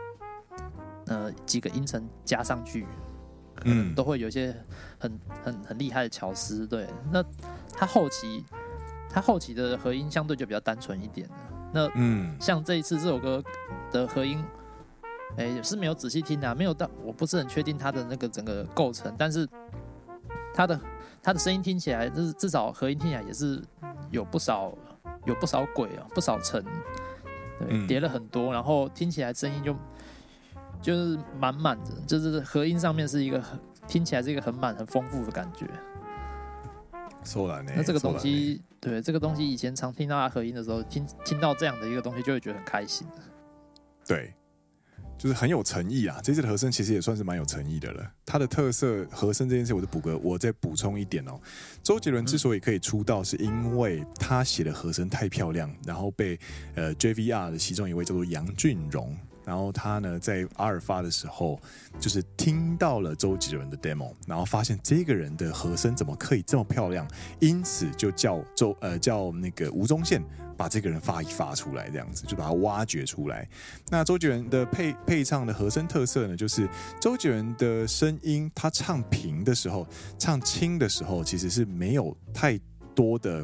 呃，幾個音程加上去，嗯，都會有一些很很很厲害的巧思。對，那他後期，他後期的和音相對就比較單純一點了。那嗯，像這一次這首歌的和音，哎，也是沒有仔細聽啊，沒有到，我不是很確定他的那個整個構成，但是他的。他的聲音聽起來，就是至少合音聽起來也是有不少、有不少軌啊，不少層，對，疊、嗯、了很多，然後聽起來聲音就就是滿滿的，就是合音上面是一個很聽起來是一個很滿很豐富的感覺。說來呢，那這個東西，嗯、對這個東西，以前常聽到他合音的時候，聽聽到這樣的一個東西，就會覺得很開心。對。就是很有誠意啊！這次的和聲其實也算是蠻有誠意的了。他的特色和聲這件事，我就補個，我再補充一點哦。周杰倫之所以可以出道，是因為他寫的和聲太漂亮，然後被呃 JVR 的其中一位叫做楊俊榮，然後他呢在阿爾發的時候，就是聽到了周杰倫的 demo，然後發現這個人的和聲怎麼可以這麼漂亮，因此就叫周呃叫那個吳宗憲。把這個人發一發出來，這樣子就把它挖掘出來。那周杰倫的配配唱的和聲特色呢，就是周杰倫的聲音，他唱平的時候，唱輕的時候，其實是沒有太多的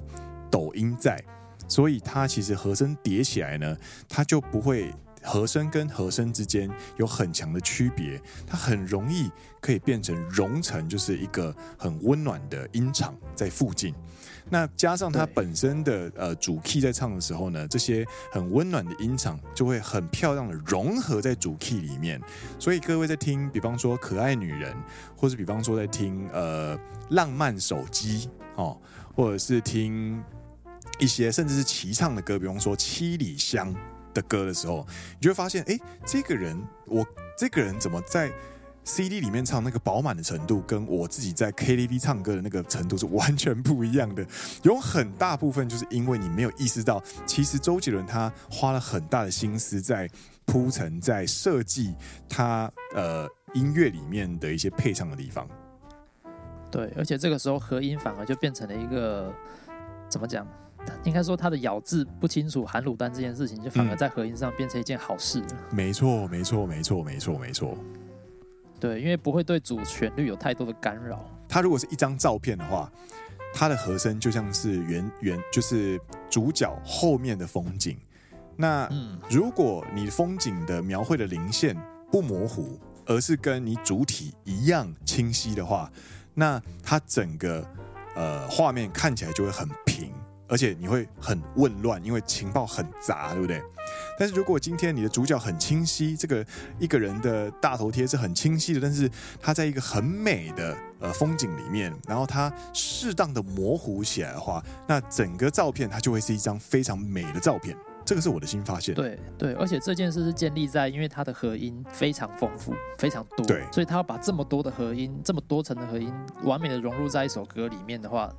抖音在，所以他其實和聲疊起來呢，他就不會和聲跟和聲之間有很強的區別，它很容易可以變成融成，就是一個很溫暖的音場在附近。那加上他本身的對呃，主 key 在唱的時候呢，這些很溫暖的音場就會很漂亮的融合在主 key 裡面。所以各位在聽，比方說《可愛女人》，或是比方說在聽呃《浪漫手機》哦，或者是聽一些甚至是齊唱的歌，比方說《七里香》的歌的時候，你就會發現，誒，這個人，我這個人怎麼在？C D 裡面唱的那個飽滿的程度，跟我自己在 K T V 唱歌的那個程度是完全不一樣的。有很大部分就是因為你沒有意識到，其實周杰倫他花了很大的心思在鋪陳、在設計他呃音樂裡面的一些配唱的地方。對，而且這個時候合音反而就變成了一個怎麼講？應該說他的咬字不清楚，含滷蛋這件事情，就反而在合音上變成一件好事了，嗯。沒錯，沒錯，沒錯，沒錯，沒錯。對，因為不會對主旋律有太多的干擾。它如果是一張照片的話，它的和聲就像是原原，就是主角後面的風景。那、嗯、如果你風景的描繪的零線不模糊，而是跟你主體一樣清晰的話，那它整個呃畫面看起來就會很平，而且你會很混亂，因為情報很雜，對不對？但是如果今天你的主角很清晰，這個一個人的大頭貼是很清晰的，但是他在一個很美的呃風景裡面，然後他適當的模糊起來的話，那整個照片它就會是一張非常美的照片。這個是我的新發現的。對對，而且這件事是建立在因為它的合音非常豐富，非常多，對，所以他要把這麼多的合音，這麼多層的合音，完美的融入在一首歌裡面的話。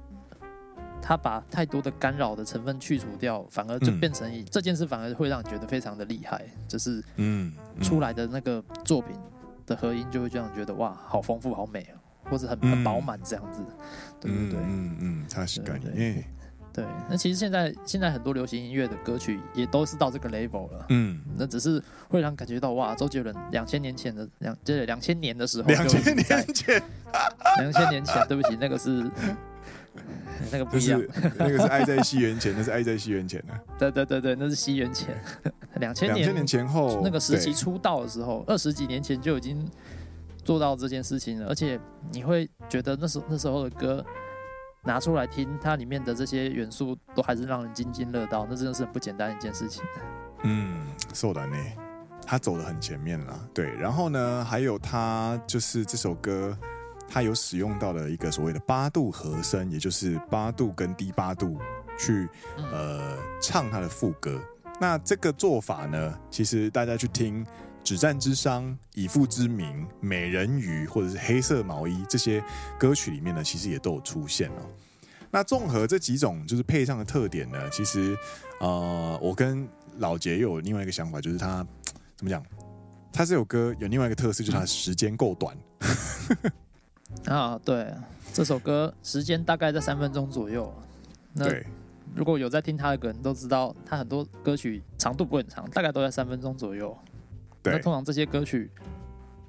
他把太多的干擾的成分去除掉，反而就變成以、嗯、這件事，反而會讓你覺得非常的厲害。就是嗯，出來的那個作品的合音就會讓你覺得哇，好豐富，好美，或者很很飽滿這樣子，嗯、對對對，嗯嗯，他是感覺對。那其實現在現在很多流行音樂的歌曲也都是到這個 level 了，嗯，那只是會讓感覺到哇，周杰倫兩千年前的兩這兩千年的時候，兩千年前，兩千 年前，對不起，那個是。嗯、那個不一樣，就是、那個是愛在西元前，那 是愛在西元前呢、啊。對對對對，那是西元前，兩 千年兩千年前後那個時期出道的時候，二十對幾年前就已經做到這件事情了。而且你會覺得那時那時候的歌拿出來聽，它裡面的這些元素都還是讓人津津樂道，那真的是很不簡單一件事情。嗯，是的呢，他走得很前面了。對，然後呢，還有他就是這首歌。他有使用到了一個所謂的八度和聲，也就是八度跟低八度去呃唱他的副歌。那這個做法呢，其實大家去聽《止戰之殤》《以父之名》《美人魚》或者是《黑色毛衣》，這些歌曲裡面呢，其實也都有出現哦。那綜合這幾種，就是配上的特點呢，其實呃，我跟老杰又有另外一個想法，就是他怎麼講？他這首歌有另外一個特色，就是他時間夠短。嗯 啊，對，這首歌時間大概在三分鐘左右。那對如果有在聽他的歌你都知道，他很多歌曲長度不會很長，大概都在三分鐘左右。對，那通常這些歌曲，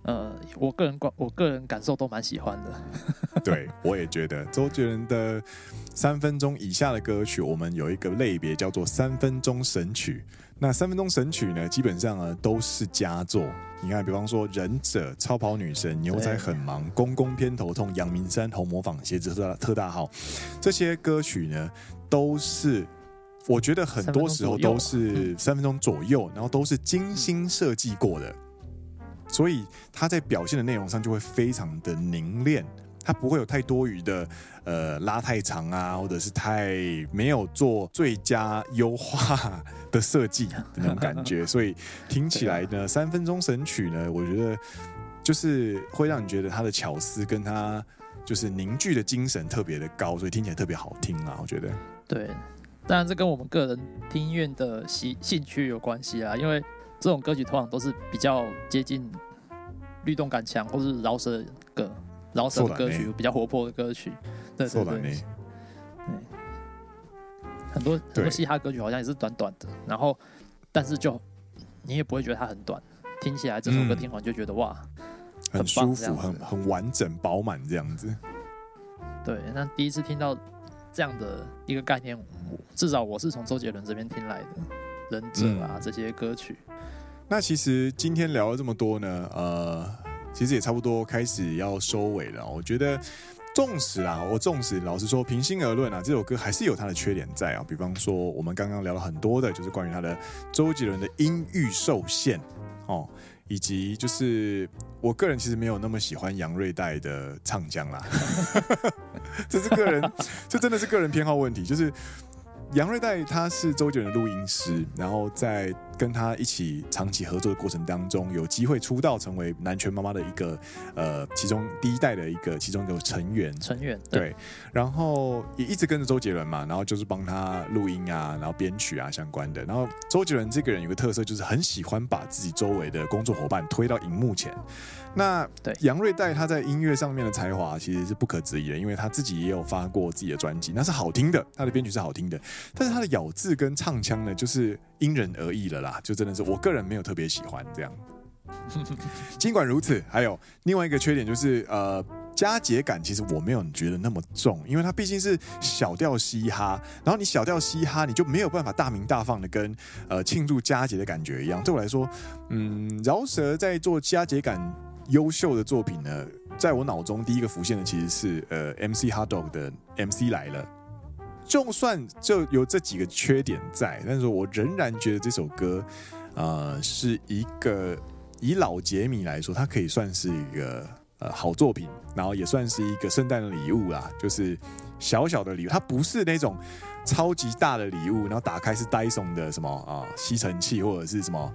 呃，我個人觀我個人感受都蠻喜歡的。 對，我也覺得周杰倫的三分鐘以下的歌曲，我們有一個類別叫做三分鐘神曲。那三分鐘神曲呢，基本上呢都是佳作。你看，比方說《忍者》《超跑女神》《牛仔很忙》對《公公偏頭痛》《陽明山》《紅模仿》《鞋子特大號》，這些歌曲呢，都是我覺得很多時候都是三分鐘左右、啊嗯、三分鐘左右，然後都是精心設計過的，所以它在表現的內容上就會非常的凝練。它不會有太多餘的，呃，拉太長啊，或者是太沒有做最佳優化的設計那種感覺， 所以聽起來呢，啊《三分鐘神曲》呢，我覺得就是會讓你覺得它的巧思跟它就是凝聚的精神特別的高，所以聽起來特別好聽啊。我覺得，對，當然這跟我們個人聽音樂的喜興趣有關係啊，因為這種歌曲通常都是比較接近律動感強或是饒舌的歌。饒舌歌曲比較活潑的歌曲，對對，對，對很多很多嘻哈歌曲好像也是短短的，然後，但是就你也不會覺得它很短，聽起來這首歌聽完就覺得、嗯、哇，很，很舒服，很很完整飽滿這樣子。對，那第一次聽到這樣的一個概念，至少我是從周杰倫這邊聽來的，忍者啊這些歌曲、嗯。那其實今天聊了這麼多呢，呃。其實也差不多開始要收尾了。我覺得，縱使啦、啊，我縱使老實說，平心而論啊，這首歌還是有它的缺點在啊。比方說，我們剛剛聊了很多的，就是關於他的周杰倫的音域受限哦，以及就是我個人其實沒有那麼喜歡楊瑞代的唱腔啦。 這是個人，這真的是個人偏好問題。就是楊瑞代他是周杰倫的錄音師，然後在。跟他一起長期合作的過程當中，有機會出道，成為南拳媽媽的一個呃，其中第一代的一個其中的成員。成員對，對，然後也一直跟着周杰倫嘛，然後就是幫他錄音啊，然後編曲啊相關的。然後周杰倫這個人有個特色，就是很喜歡把自己周圍的工作伙伴推到熒幕前。那對楊瑞代他在音樂上面的才華其實是不可質疑的，因為他自己也有發過自己的專輯，那是好聽的，他的編曲是好聽的，但是他的咬字跟唱腔呢，就是因人而異了啦。啊，就真的是我個人沒有特別喜歡這樣。儘管如此，還有另外一個缺點就是，呃，佳節感其實我沒有覺得那麼重，因為它畢竟是小調嘻哈。然後你小調嘻哈，你就沒有辦法大鳴大放的跟呃慶祝佳節的感覺一樣。對我來說，嗯，饒舌在做佳節感優秀的作品呢，在我腦中第一個浮現的其實是呃，MC HotDog 的 MC 來了。就算就有這幾個缺點在，但是我仍然覺得這首歌，呃，是一個以老杰迷來說，它可以算是一個。呃，好作品，然後也算是一個聖誕的禮物啦，就是小小的禮物，它不是那種超級大的禮物，然後打開是戴森的什麼啊，呃，吸塵器或者是什麼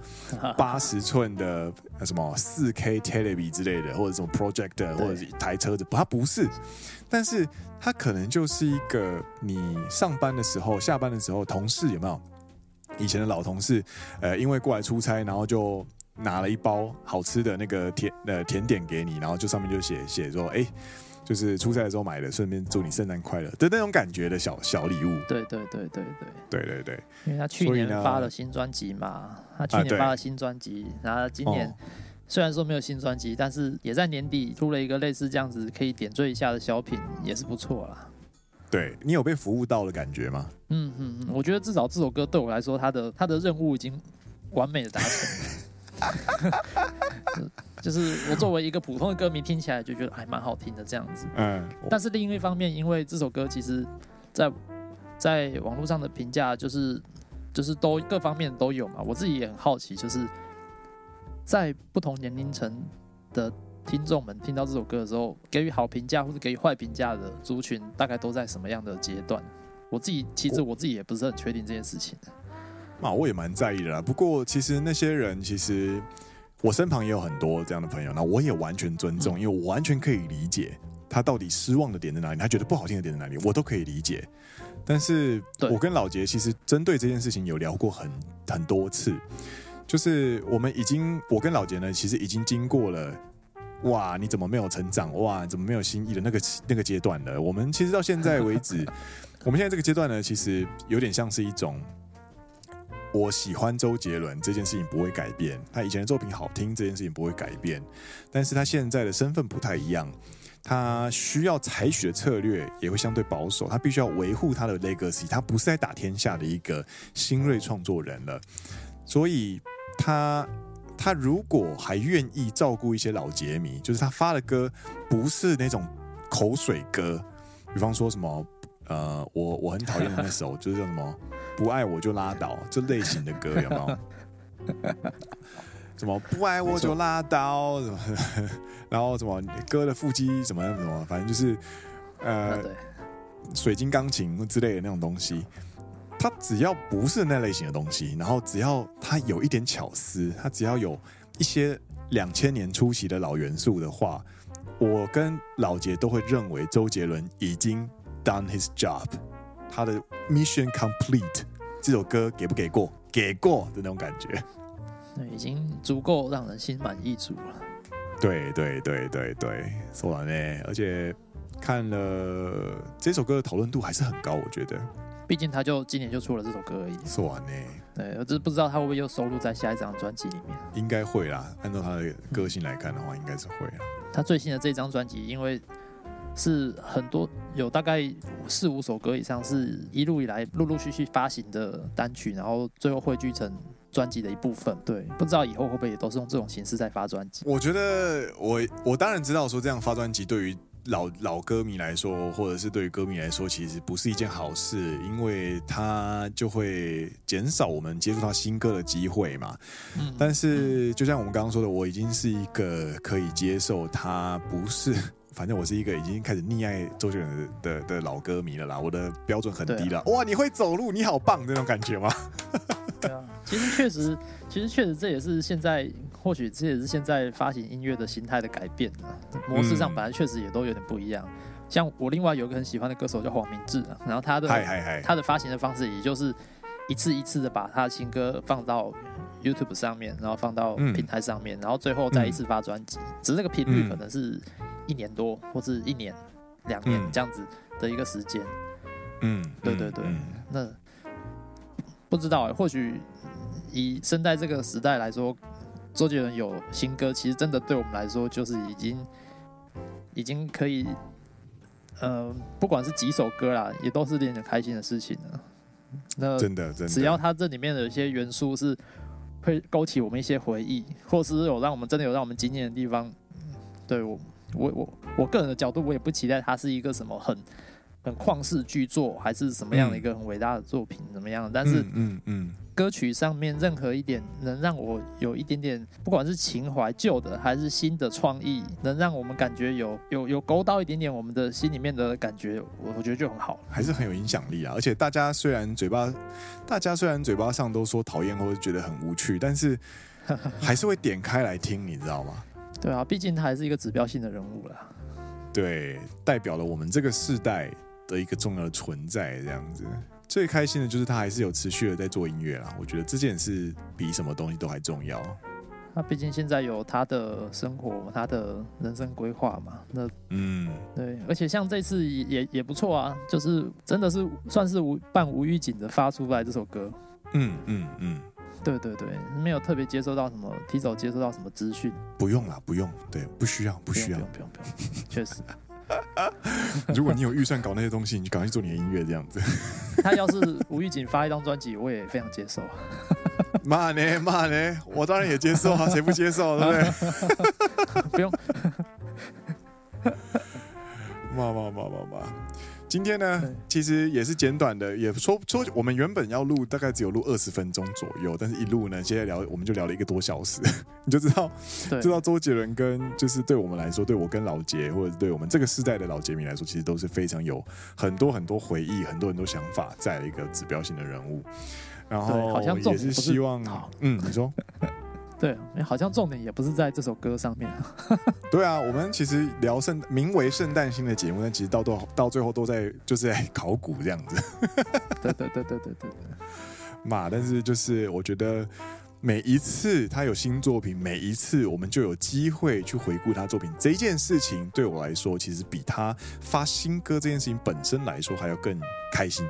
八十寸的什麼四 K TV 之類的，或者什麼 projector 或者是一台車子，對它不是，但是它可能就是一個你上班的時候，下班的時候，同事有沒有以前的老同事，呃，因為過來出差，然後就。拿了一包好吃的那個甜、呃、甜點給你，然後就上面就寫寫說，哎、欸，就是出差的時候買的，順便祝你聖誕快樂的那種感覺的小小禮物。對對對對對對對對。對對對，因為他去年發了新專輯嘛，他去年發了新專輯，啊、然後今年雖然說沒有新專輯，哦、但是也在年底出了一個類似這樣子可以點綴一下的小品，也是不錯啦。對，你有被服務到的感覺嗎？嗯嗯，我覺得至少這首歌對我來說，他的他的任務已經完美的達成了。 就是我作為一個普通的歌迷，聽起來就覺得還蠻好聽的這樣子。嗯。但是另一方面，因為這首歌其實，在在網絡上的評價就是就是都各方面都有嘛。我自己也很好奇，就是在不同年齡層的聽眾們聽到這首歌的時候，給予好評價或者給予壞評價的族群，大概都在什麼樣的階段？我自己其實我自己也不是很確定這件事情。啊，我也蠻在意的啦。不過，其實那些人，其實我身旁也有很多這樣的朋友。那我也完全尊重，因為我完全可以理解他到底失望的點在哪裡，他覺得不好聽的點在哪裡，我都可以理解。但是，我跟老杰其實針對這件事情有聊過很很多次，就是我們已經，我跟老杰呢，其實已經經過了，哇，你怎麼沒有成長？哇，你怎麼沒有新意的那個那個階段了？我們其實到現在為止， 我們現在這個階段呢，其實有點像是一種。我喜歡周杰倫這件事情不會改變，他以前的作品好聽這件事情不會改變，但是他現在的身份不太一樣，他需要採取的策略也會相對保守，他必須要維護他的 legacy，他不是在打天下的一個新銳創作人了，所以他他如果還願意照顧一些老杰迷，就是他發的歌不是那種口水歌，比方說什麼呃我我很討厭的那首就是叫什麼。 不愛我就拉倒，這類型的歌有沒有？ 什麼不愛我就拉倒，錯什麼呵呵然後什麼歌的腹肌什麼什麼，反正就是呃，對水晶鋼琴之類的那種東西。他只要不是那類型的東西，然後只要他有一點巧思，他只要有一些兩千年初期的老元素的話，我跟老杰都會認為周杰倫已經 done his job。他的 Mission Complete 這首歌給不給過？給過的那種感覺，對，已經足夠讓人心滿意足了。對對對對對，說完呢，而且看了這首歌的討論度還是很高，我覺得。畢竟他就今年就出了這首歌而已。說完呢，對，我就不知道他會不會又收錄在下一張專輯裡面。應該會啦，按照他的個性來看的話，嗯、應該是會啦。他最新的這張專輯，因為。是很多有大概四五首歌以上，是一路以來陸陸續續發行的單曲，然後最後匯聚成專輯的一部分。對，不知道以後會不會也都是用這種形式在發專輯？我覺得我我當然知道，說這樣發專輯對於老老歌迷來說，或者是對於歌迷來說，其實不是一件好事，因為他就會減少我們接觸到新歌的機會嘛。嗯，但是就像我們剛剛說的，我已經是一個可以接受他不是。反正我是一個已經開始溺愛周杰倫的的，的老歌迷了啦，我的標準很低了。啊、哇，你會走路，你好棒，這種感覺嗎？對啊，其實確實，其實確實，這也是現在，或許這也是現在發行音樂的型態的改變模式上，本來確實也都有點不一樣。嗯、像我另外有一個很喜歡的歌手叫黃明志，然後他的 hi, hi, hi. 他的發行的方式，也就是一次一次的把他的新歌放到 YouTube 上面，然後放到平台上面，嗯、然後最後再一次發專輯，嗯、只是這個頻率可能是。一年多或是一年、兩年、嗯、這樣子的一個時間，嗯，對對對，嗯、那不知道、欸、或許以身在這個時代來說，周杰倫有新歌，其實真的對我們來說，就是已經已經可以，嗯、呃，不管是幾首歌啦，也都是令人開心的事情了。那真的，真的只要他這裡面的一些元素是會勾起我們一些回憶，或是有讓我們真的有讓我們驚豔的地方，對我們。我我我個人的角度，我也不期待它是一個什麼很很曠世巨作，還是什麼樣的一個很偉大的作品，怎麼樣？但是，嗯嗯，歌曲上面任何一點能讓我有一點點，不管是情懷舊的還是新的創意，能讓我們感覺有有有勾到一點點我們的心裡面的感覺，我我覺得就很好，還是很有影響力啊。而且大家雖然嘴巴，大家雖然嘴巴上都說討厭或者覺得很無趣，但是還是會點開來聽，你知道嗎？對啊，畢竟他還是一個指標性的人物啦。對，代表了我們這個世代的一個重要的存在，這樣子。最開心的就是他還是有持續的在做音樂啦。我覺得這件事比什麼東西都還重要。那畢竟現在有他的生活，他的人生規劃嘛，那嗯，對，而且像這次也也也不錯啊，就是真的是算是無半無預警的發出來這首歌。嗯嗯嗯。嗯嗯對對對，沒有特別接收到什麼，提早接收到什麼資訊？不用啦，不用，對，不需要，不需要，不用不用，不用。不用。確實， 如果你有預算搞那些東西，你就趕快去做你的音樂這樣子。他要是無預警發一張專輯，我也非常接受。罵呢罵呢，我當然也接受啊，誰不接受？對不對？不用。罵罵罵罵罵。今天呢，對其實也是簡短的，也說說我們原本要錄大概只有錄二十分鐘左右，但是一錄呢，現在聊我們就聊了一個多小時， 你就知道，對知道周杰倫跟就是對我們來說，對我跟老杰，或者對我們這個世代的老杰迷來說，其實都是非常有很多很多回憶、很多很多想法在一個指標性的人物。然後也是希望，嗯，你說。 對、欸，好像重點也不是在這首歌上面、啊。對啊，我們其實聊聖名為聖誕星的節目，但其實到都到最後都在就是在考古這樣子。 對對對對對對對。嘛，但是就是我覺得每一次他有新作品，每一次我們就有機會去回顧他作品這一件事情，對我來說，其實比他發新歌這件事情本身來說還要更開心。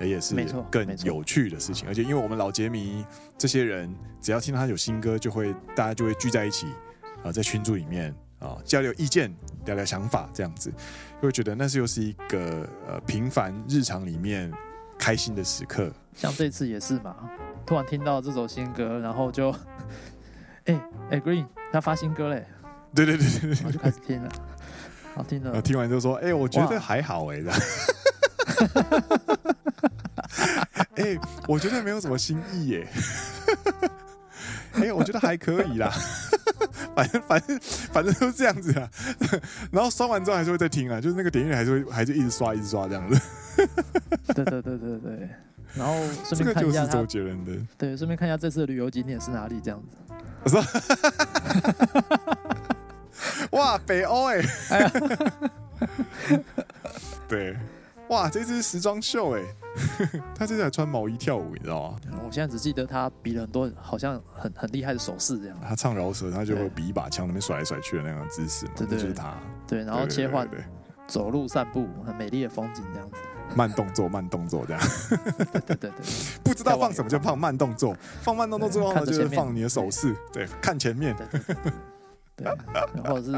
也,也是更有趣的事情。沒錯，沒錯，而且，因為我們老杰迷這些人，只要聽到他有新歌，就會大家就會聚在一起啊、呃，在群組裡面啊、呃，交流意見，聊聊想法，這樣子，會覺得那是又是一個呃平凡日常裡面開心的時刻。像這次也是嘛，突然聽到這首新歌，然後就哎哎、欸欸、，Green 他發新歌嘞、欸，對對對對對,對，我就開始聽了，好聽了。然後聽完就說，哎、欸，我覺得還好哎這樣。哎、欸，我覺得沒有什麼新意耶、欸。哎、 欸，我覺得還可以啦。 反正反正反正都是這樣子啊。 然後刷完之後還是會再聽啊，就是那個點閱還是會還是一直刷一直刷這樣子。對 對對對對。然後順便看一下周杰倫的。對，順便看一下這次的旅遊景點是哪裡這樣子。我說。哇，北歐、欸、 哎呀。 對。哇，這支時裝秀哎，他這次還穿毛衣跳舞，你知道嗎？我現在只記得他比了很多，好像很很厲害的手勢這樣。他唱饒舌，他就會比一把槍那邊甩來甩去的那個姿勢，對對就是他。對，然後切換，走路散步，很美麗的風景這樣子，慢動作慢動作這樣，對對對，不知道放什麼就放慢動作，放慢動作之後就是放你的手勢，對，看前面，對，然後是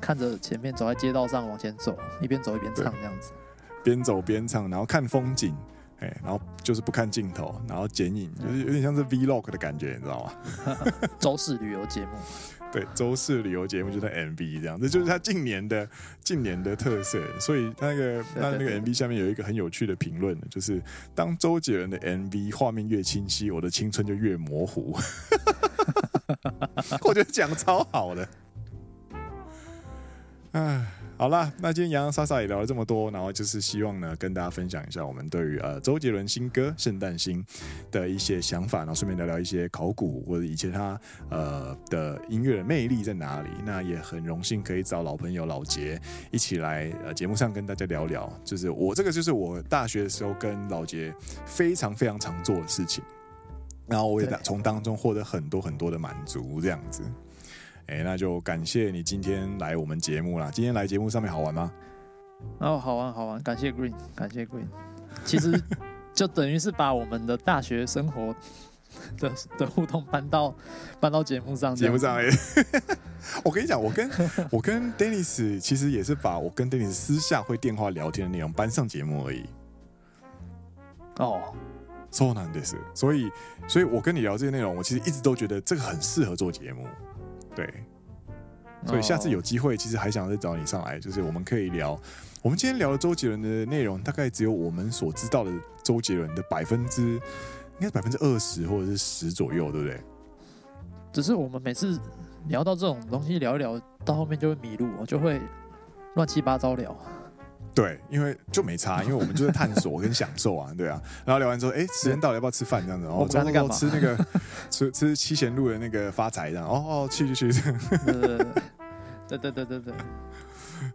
看着前面，走在街道上往前走，一邊走一邊唱這樣子。邊走邊唱，然後看風景，哎，然後就是不看鏡頭，然後剪影，就是有點像是 Vlog 的感覺，你知道嗎？週四旅遊節目，對，週四旅遊節目就是 MV 這樣子，嗯、這就是他近年的近年的特色。所以他那個他那，那個 MV 下面有一個很有趣的評論，就是當周杰倫的 MV 畫面越清晰，我的青春就越模糊。 我覺得講超好的，哎。好了，那今天洋洋莎莎也聊了這麼多，然後就是希望呢，跟大家分享一下我們對於呃周杰倫新歌《聖誕星》的一些想法，然後順便聊聊一些考古或者以前他呃的音樂的魅力在哪裡。那也很榮幸可以找老朋友老杰一起來呃節目上跟大家聊聊，就是我這個就是我大學的時候跟老杰非常非常常做的事情，然後我也從當中獲得很多很多的滿足，對這樣子。哎、欸，那就感謝你今天來我們節目啦。今天來節目上面好玩嗎？哦，好玩好玩，感謝 Green，感謝 Green。其實 就等於是把我們的大學生活的的，的互動搬到搬到節目節目上，節目上哎。我跟你講，我跟我跟 Dennis 其實也是把我跟 Dennis 私下會電話聊天的內容搬上節目而已。哦，so nice。所以，所以我跟你聊這些內容，我其實一直都覺得這個很適合做節目。對，所以下次有機會，其實還想再找你上來，就是我們可以聊。我們今天聊了周杰倫的內容，大概只有我們所知道的周杰倫的百分之，應該百分之二十或者是十左右，對不對？只是我們每次聊到這種東西，聊一聊到後面就會迷路，就會亂七八糟聊。對，因為就沒差，因為我們就是探索跟享受啊，對啊。然後聊完之後，哎、欸，時間到了，要不要吃飯？這樣子，然後吃那個吃吃七賢路的那個發財，這樣。哦、喔、哦、喔，去去去，對對對， 對對對對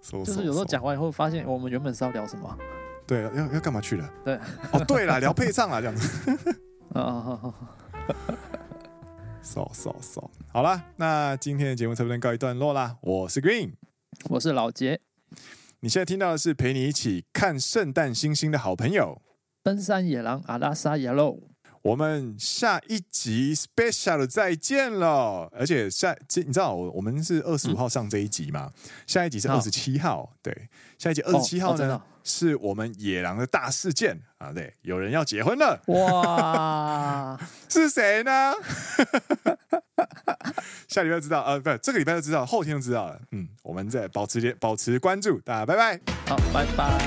，So 就是有時候講完以後，發現我們原本是要聊什麼、啊？對，要要幹嘛去了？對、喔，哦對了，聊配唱了這樣子。哦 、so so so. 好好好，掃掃掃，好了，那今天的節目差不多能告一段落啦。我是 Green，我是老杰。你現在聽到的是陪你一起看聖誕星星的好朋友——登山野郎阿拉薩野郎我們下一集 Special 再見了。而且下這你知道，我們是二十五號上這一集嘛？下一集是二十七號，好對，下一集二十七號呢？哦哦。是我們野郎的大事件啊！對，有人要結婚了，哇！ 是誰呢？ 下禮拜就知道，啊、呃，不，這個禮拜就知道，後天就知道了。嗯，我們再保持連保持關注，大家拜拜。好，拜拜，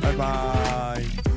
拜拜。拜拜。